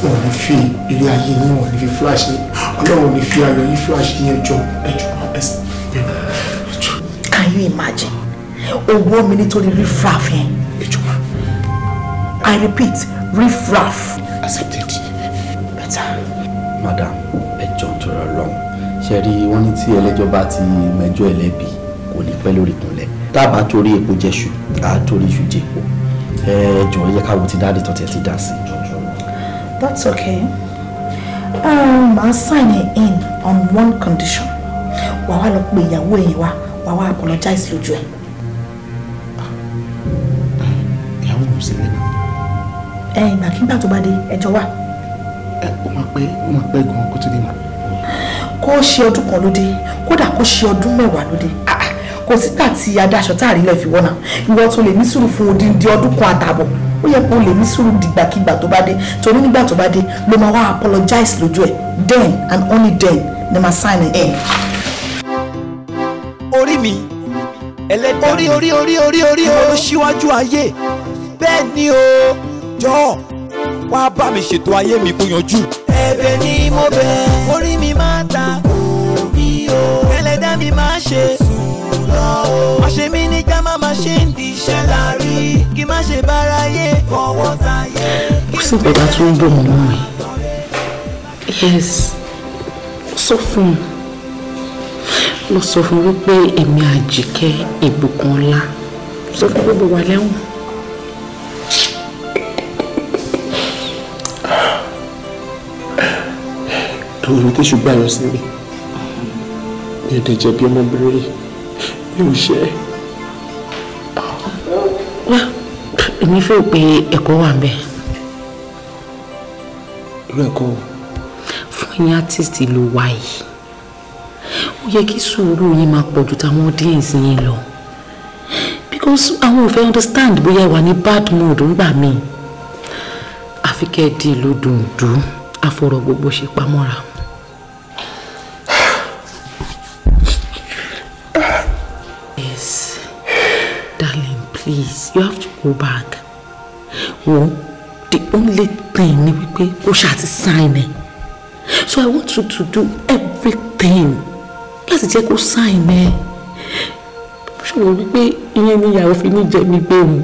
wọn ò ní fi ilé ayé yín wọn ní fi flash yín ní fi ayọ̀ yín flash yín ẹjọ́ ẹjọ́ ẹsẹ̀ bẹ́ẹ̀. can you imagine owó mi nítorí riffraff yẹn. ìjọba. I repeat riffraff. accepted. better. madam ẹjọ́ ń tọrọ lọ́hùn ṣe rí wọn ní tí ẹlẹ́jọ́ bá ti mẹjọ́ ẹlẹ́bi kò ní pẹ́ lórí ìkúnlẹ̀ tá a bá torí epo jẹ́ṣu á torí iṣu jẹ epo ẹ jọ̀wọ́ yẹ ká wo ti dáàdì tọ́tẹ̀ ti dà sí. that's okay um, màá um, sign it in on one condition wàá wá lọ pe ìyàwó ẹ̀yìn wa wàá wá apologize lójú ẹ̀. òun sì lè mọ̀ ẹ ìgbàkigbà tó bá dé ẹjọ́ wà. ẹ ó máa pẹ́ ó máa pẹ́ gan-an kó tó dé mà. kó ṣe ọdún kan lóde kódà kó ṣe ọdún mẹ́wàá lóde kò sígbà tí adáṣọ táàrí lẹ̀ fi wọ́nà ìwọ tó lè ní sùúrù fún odindi ọdún kan àtààbọ̀ ó yẹ kó lè ní sùúrù dìgbàkigbà tó bá dé torí nígbà tó bá dé ló máa wá apologize lójú ẹ then and only then ni máa sign ẹ. orí mi ẹlẹ́dàá orí orí orí orí orí orí orí síwájú ayé hundred ni o jọ wá bá mi ṣètò ayé mi kó yanjú. ẹ̀bẹ̀ ni mo bẹ̀ orí mi máa ta òbí o ẹlẹ́dàá mi máa ṣe sùn lọ o má ṣe mí ní ká má ṣe ń di iṣẹ́ láàrí kí má ṣe bára yé fọwọ́ ta yé. ó sì gbọ́dọ̀ tó ń bọ̀ mọ́ mi yes sọ fún un lọ sọ fún wípé èmi àjíkẹ́ ìbùkún ńlá sọ fún gbogbo wa lẹ́wọ̀n. òun tí ṣùgbọ́n àyọ̀ sí mi mi ò dẹ̀ jẹ̀bi ọmọbìnrin yìí mi ò ṣe é. wá èmi fẹ́ pé ẹ̀kọ́ wà ń bẹ̀. irú ẹ̀kọ́ o. fún ẹ̀yin artist ló wá yìí ó yẹ kí sùúrù yín máa pọ̀ ju táwọn audience yín lọ because àwọn ò fẹ́ understand bóyá wà ní bad mood ńgbà míì àfi kẹ́ ẹ di ìlú dùndùn àfọ̀rọ̀ gbogbo ṣe pamọ́ra. go back wo the only thing ni wípé kó ṣáà ti sign ẹ so i want you to do everything láti jẹ́ kó sign ẹ ṣòro wípé ìyẹn ni ìyàwó fi ní jẹ mi gbé òun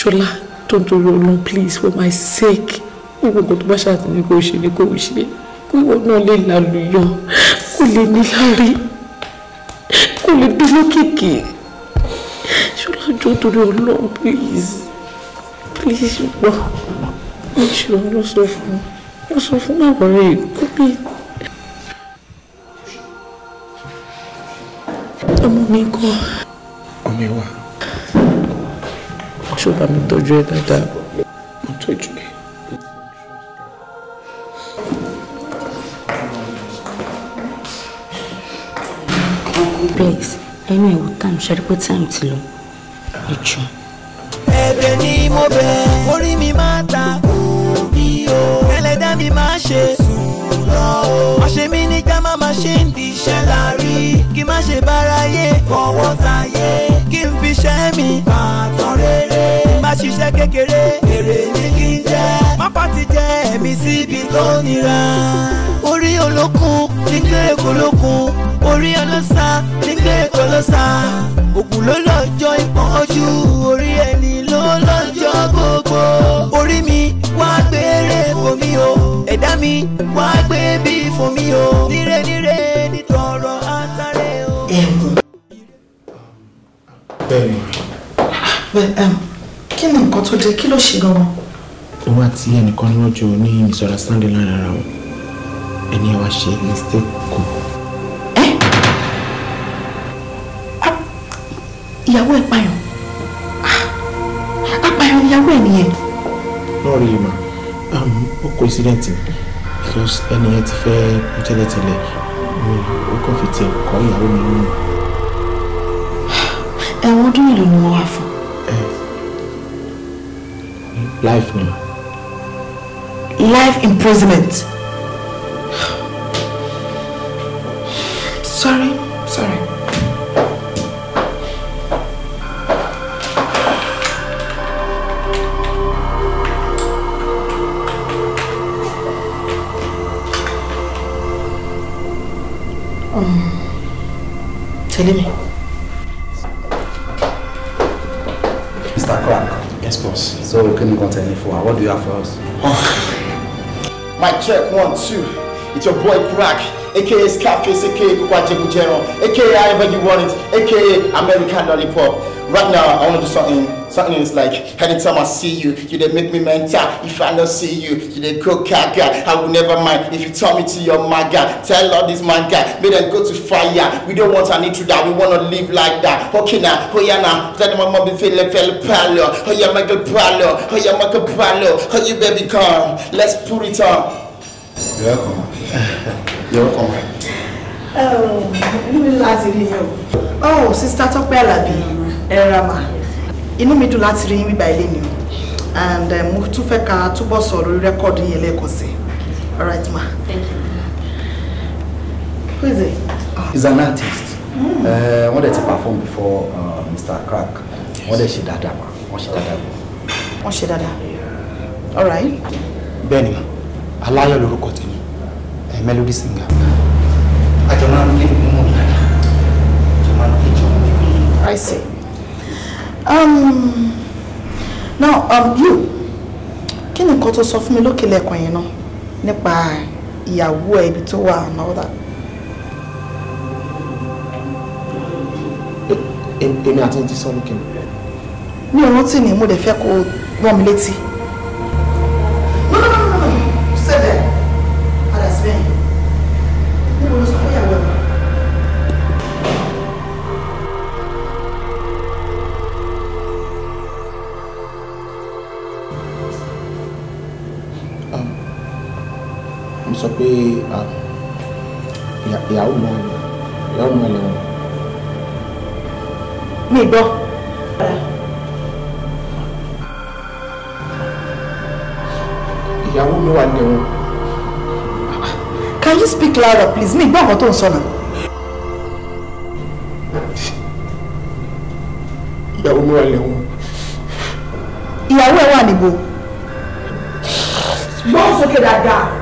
ṣọlá tó ń torí olóhùn please for my sake gbogbo nǹkan tó bá ṣàtìlẹ́yìn kò ṣe ni kò ṣe kí wọn náà lè lálùyọ kò lè ní láárí kò lè bí lókìkí àjọ torí ọlọ́run please please gbọ́ mo ṣe wọn lọ sọ fún wọn sọ fún bàbá rẹ kó bí. ọmọ mi kọ́. ọmọ ìwà. ṣó bá mi tọ́jú ẹ dáadáa. mo tọ́jú ẹ. Please, ẹnu ẹ̀wò time ṣe rí pé time ti lọ picture. ẹ̀bẹ̀ ni mo bẹ̀ orí mi máa ta òbí o ẹlẹ́dàá mi máa ṣe sùn lọ o. àṣẹ mi ní ká má máa ṣe ń di iṣẹ́ láàrí kí má ṣe báráyé fọwọ́ tayé kí n fi ṣẹ́ mi bàtàn rere má ṣiṣẹ́ kékeré èrè ní kí n jẹ́ pápá ti jẹ ẹ̀mí síbi tó nira. orí olókun ti èkó lókun orí ọlọ́sà ti èkó lọ́sà. ògùn ló lọ́jọ́ ìpọ́n ojú orí ẹni ló lọ́jọ́ gbogbo. orí mi wá gbére fún mi o ẹ̀dá mi wá gbé bí fún mi o. níre níre ní tọrọ àtàrẹ o. bẹ́ẹ̀ni. Ah, kí ni nǹkan tó dé kí ló ṣe gan-an ìwọ àti ẹnìkan lọ́jọ́ ní misunderstanding láàrin ara wọn ẹni wàá ṣe mistake kù. ẹ ìyàwó ẹ payàn apayàn ìyàwó ẹ nìyẹn. lọ́ọ̀rì yìí mà ó kó incident ni because ẹni yẹn ti fẹ́ kú tẹ́lẹ̀tẹ́lẹ̀ ó kàn fi tiẹ̀ kọ́ ìyàwó mi lónìí. ẹ̀wọ̀n ọdún mélòó ni wọ́n wà fún. life ni. life imprisonment. Sorry, sorry. Um, tell me. Mr. Clark. Yes, boss. So can you not me for What do you have for us? Oh. My check, one, two. It's your boy Crack, aka Scarface, aka Kukwa aka however you want it, aka American Lollipop. Right now, I want to do something something is like anytime i see you you dey make me mental if i no see you you dey go gaga i will never mind if you turn me to your maga tell all this maga make them go to fire we don't want any to that we wanna live like that okay now, na oya na tell oh, my mom feel feel palo oya oh, michael palo oya michael palo how you baby come let's put it on. you're welcome you're welcome. Um, oh, you láti rí yẹn o. Oh, sister, Tọ́pẹ́ Àlàbí, ẹ ra inú mi dùn láti rí yín bíbá ilé mi and um, mo tún fẹ́ ká túbọ̀ sọ̀rọ̀ lórí rẹ́kọ̀dù yẹn lẹ́ẹ̀kan sí all right ma. thank you. who is it? Oh. he's an artist hmm. eh, wọ́n dẹ̀ ti perform before uh, Mr. Crack wọ́n dẹ̀ ṣe dáadáa ma wọ́n ṣe dáadáa ma. wọ́n ṣe dáadáa all right. bẹ́ẹ̀ni aláyọ̀ lórúkọ tèmi eh, melody singer. àjọ máa ń lé àjọ máa ń lé ìjọba. I see. Um, now, um, you, kí ni nǹkan tó sọ fún mi lókè lẹ́ẹ̀kan yẹn náà nípa ìyàwó ẹ̀ ibi tó wà and all that? Èmi àti ẹ̀ ti sọ lókè mi. Mi ò rántí ni mo dẹ̀ fẹ́ kó wọ́n mi létí. sọ pé ìyàwó mọ ìyàwó mọ lẹ́wọ̀n. mi gbọ́. ìyàwó mi wà lẹ́wọ̀n. can you speak louder please mi gbọ́ nǹkan tó ń sọ náà. ìyàwó mi wà lẹ́wọ̀n. ìyàwó ẹ wà níbo. gbọ́ sókè dáadáa.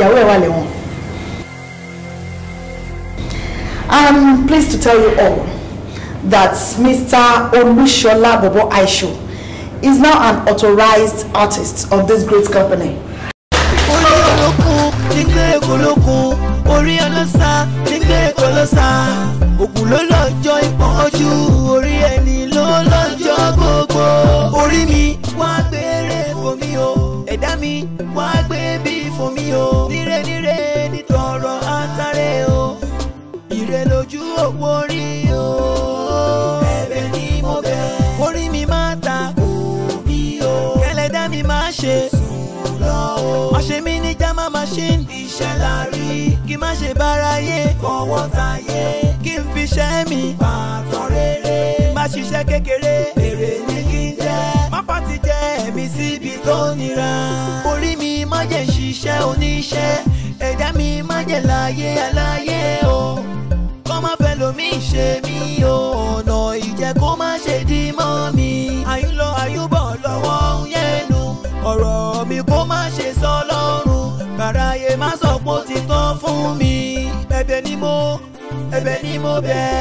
ìyàwó ẹ̀ wà lẹ́wọ̀n. I'm um, pleased to tell you all that Mr. Olushola Bobo Aisho is now an authorized artist of this great company. Orí ọlọ́sà nígbẹ́ ọlọ́sà òkú ló lọ́ọ́ báráyé fọwọ́ tayé kí n fi ṣẹ́ mi pàtàn rere má ṣiṣẹ́ kékeré èrè ní kí n jẹ́ má pàtì jẹ́ mi síbi tó nira orí mi má jẹ́ ṣiṣẹ́ oníṣẹ́ ẹ̀dá mi má jẹ́ láyé aláyé o kọ́ má fẹ́ lomi ṣe mí o ọ̀nà ìjẹ́ kó má ṣe dí mọ́ mi àyùlọ àyùbọ̀ lọ́wọ́ ń yẹnu ọ̀rọ̀ mi kó má ṣe sọ lọ́rùn kàráyé má sọ pé ó ti tán fún mi ẹ̀bẹ̀ ni mo ẹ̀bẹ̀ ni mo bẹ̀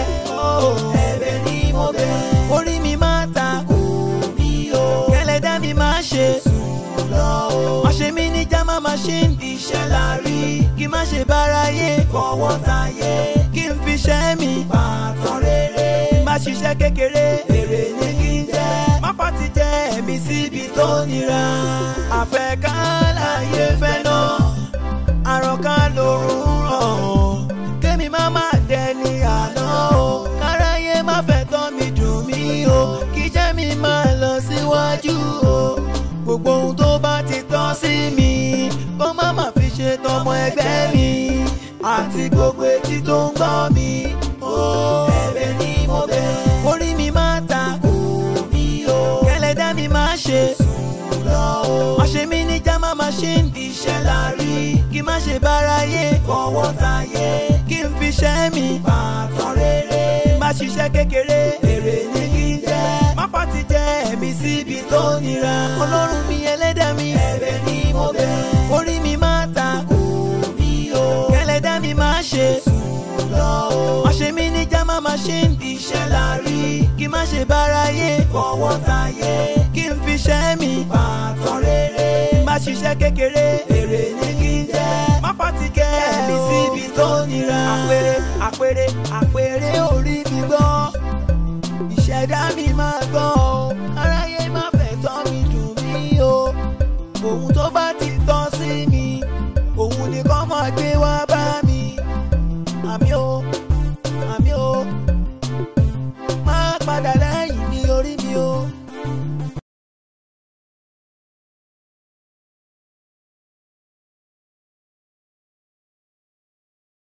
oh, ẹ̀bẹ̀ ni mo bẹ̀ orí mi máa ta kò mí o kẹlẹ́dá mi máa ṣe sùn lọ o má ṣe mí ní jámá má ṣe ń iṣẹ́ la rí kí má ṣe bára yé fọwọ́ ta yé kí n fi ṣẹ́ mi pàtàn rere má ṣiṣẹ́ kékeré èrè ní kí n jẹ́ má fà ti jẹ́ ẹ̀mí síbi tó nira àfẹ́ká láyé fẹ́ lọ. àti gbogbo etí tó ń gbọ́ mi. ẹ̀bẹ̀ ni mo bẹ̀. orí mi máa ta kò mí o. kẹlẹ́dá mi máa ṣe. sùn lọ o. ọ̀sẹ̀ mi ní jama machine. iṣẹ́ la rí. kí n má ṣe bára yé. fọwọ́ ta yé. kí n fi ṣẹ́ mi. pàtàn rere. má ṣiṣẹ́ kékeré. èrè ni kí n jẹ́. má pàtì jẹ́ ẹ̀mí síbi tó nira. ọlọ́run mi ẹlẹ́dàá mi. ẹ̀bẹ̀ ni mo bẹ̀. ṣe ń bí iṣẹ́ la rí kí má ṣe báráyé fọwọ́ tayé kí n fi ṣẹ́ mi pàtó rere tí má ṣiṣẹ́ kékeré èrè ní kí n jẹ́ má fatigẹ́ ẹ̀mí síbi tó nira àpèrè àpèrè àpèrè orí mi gbọ́ ìṣẹ̀dá mi máa gbọ́.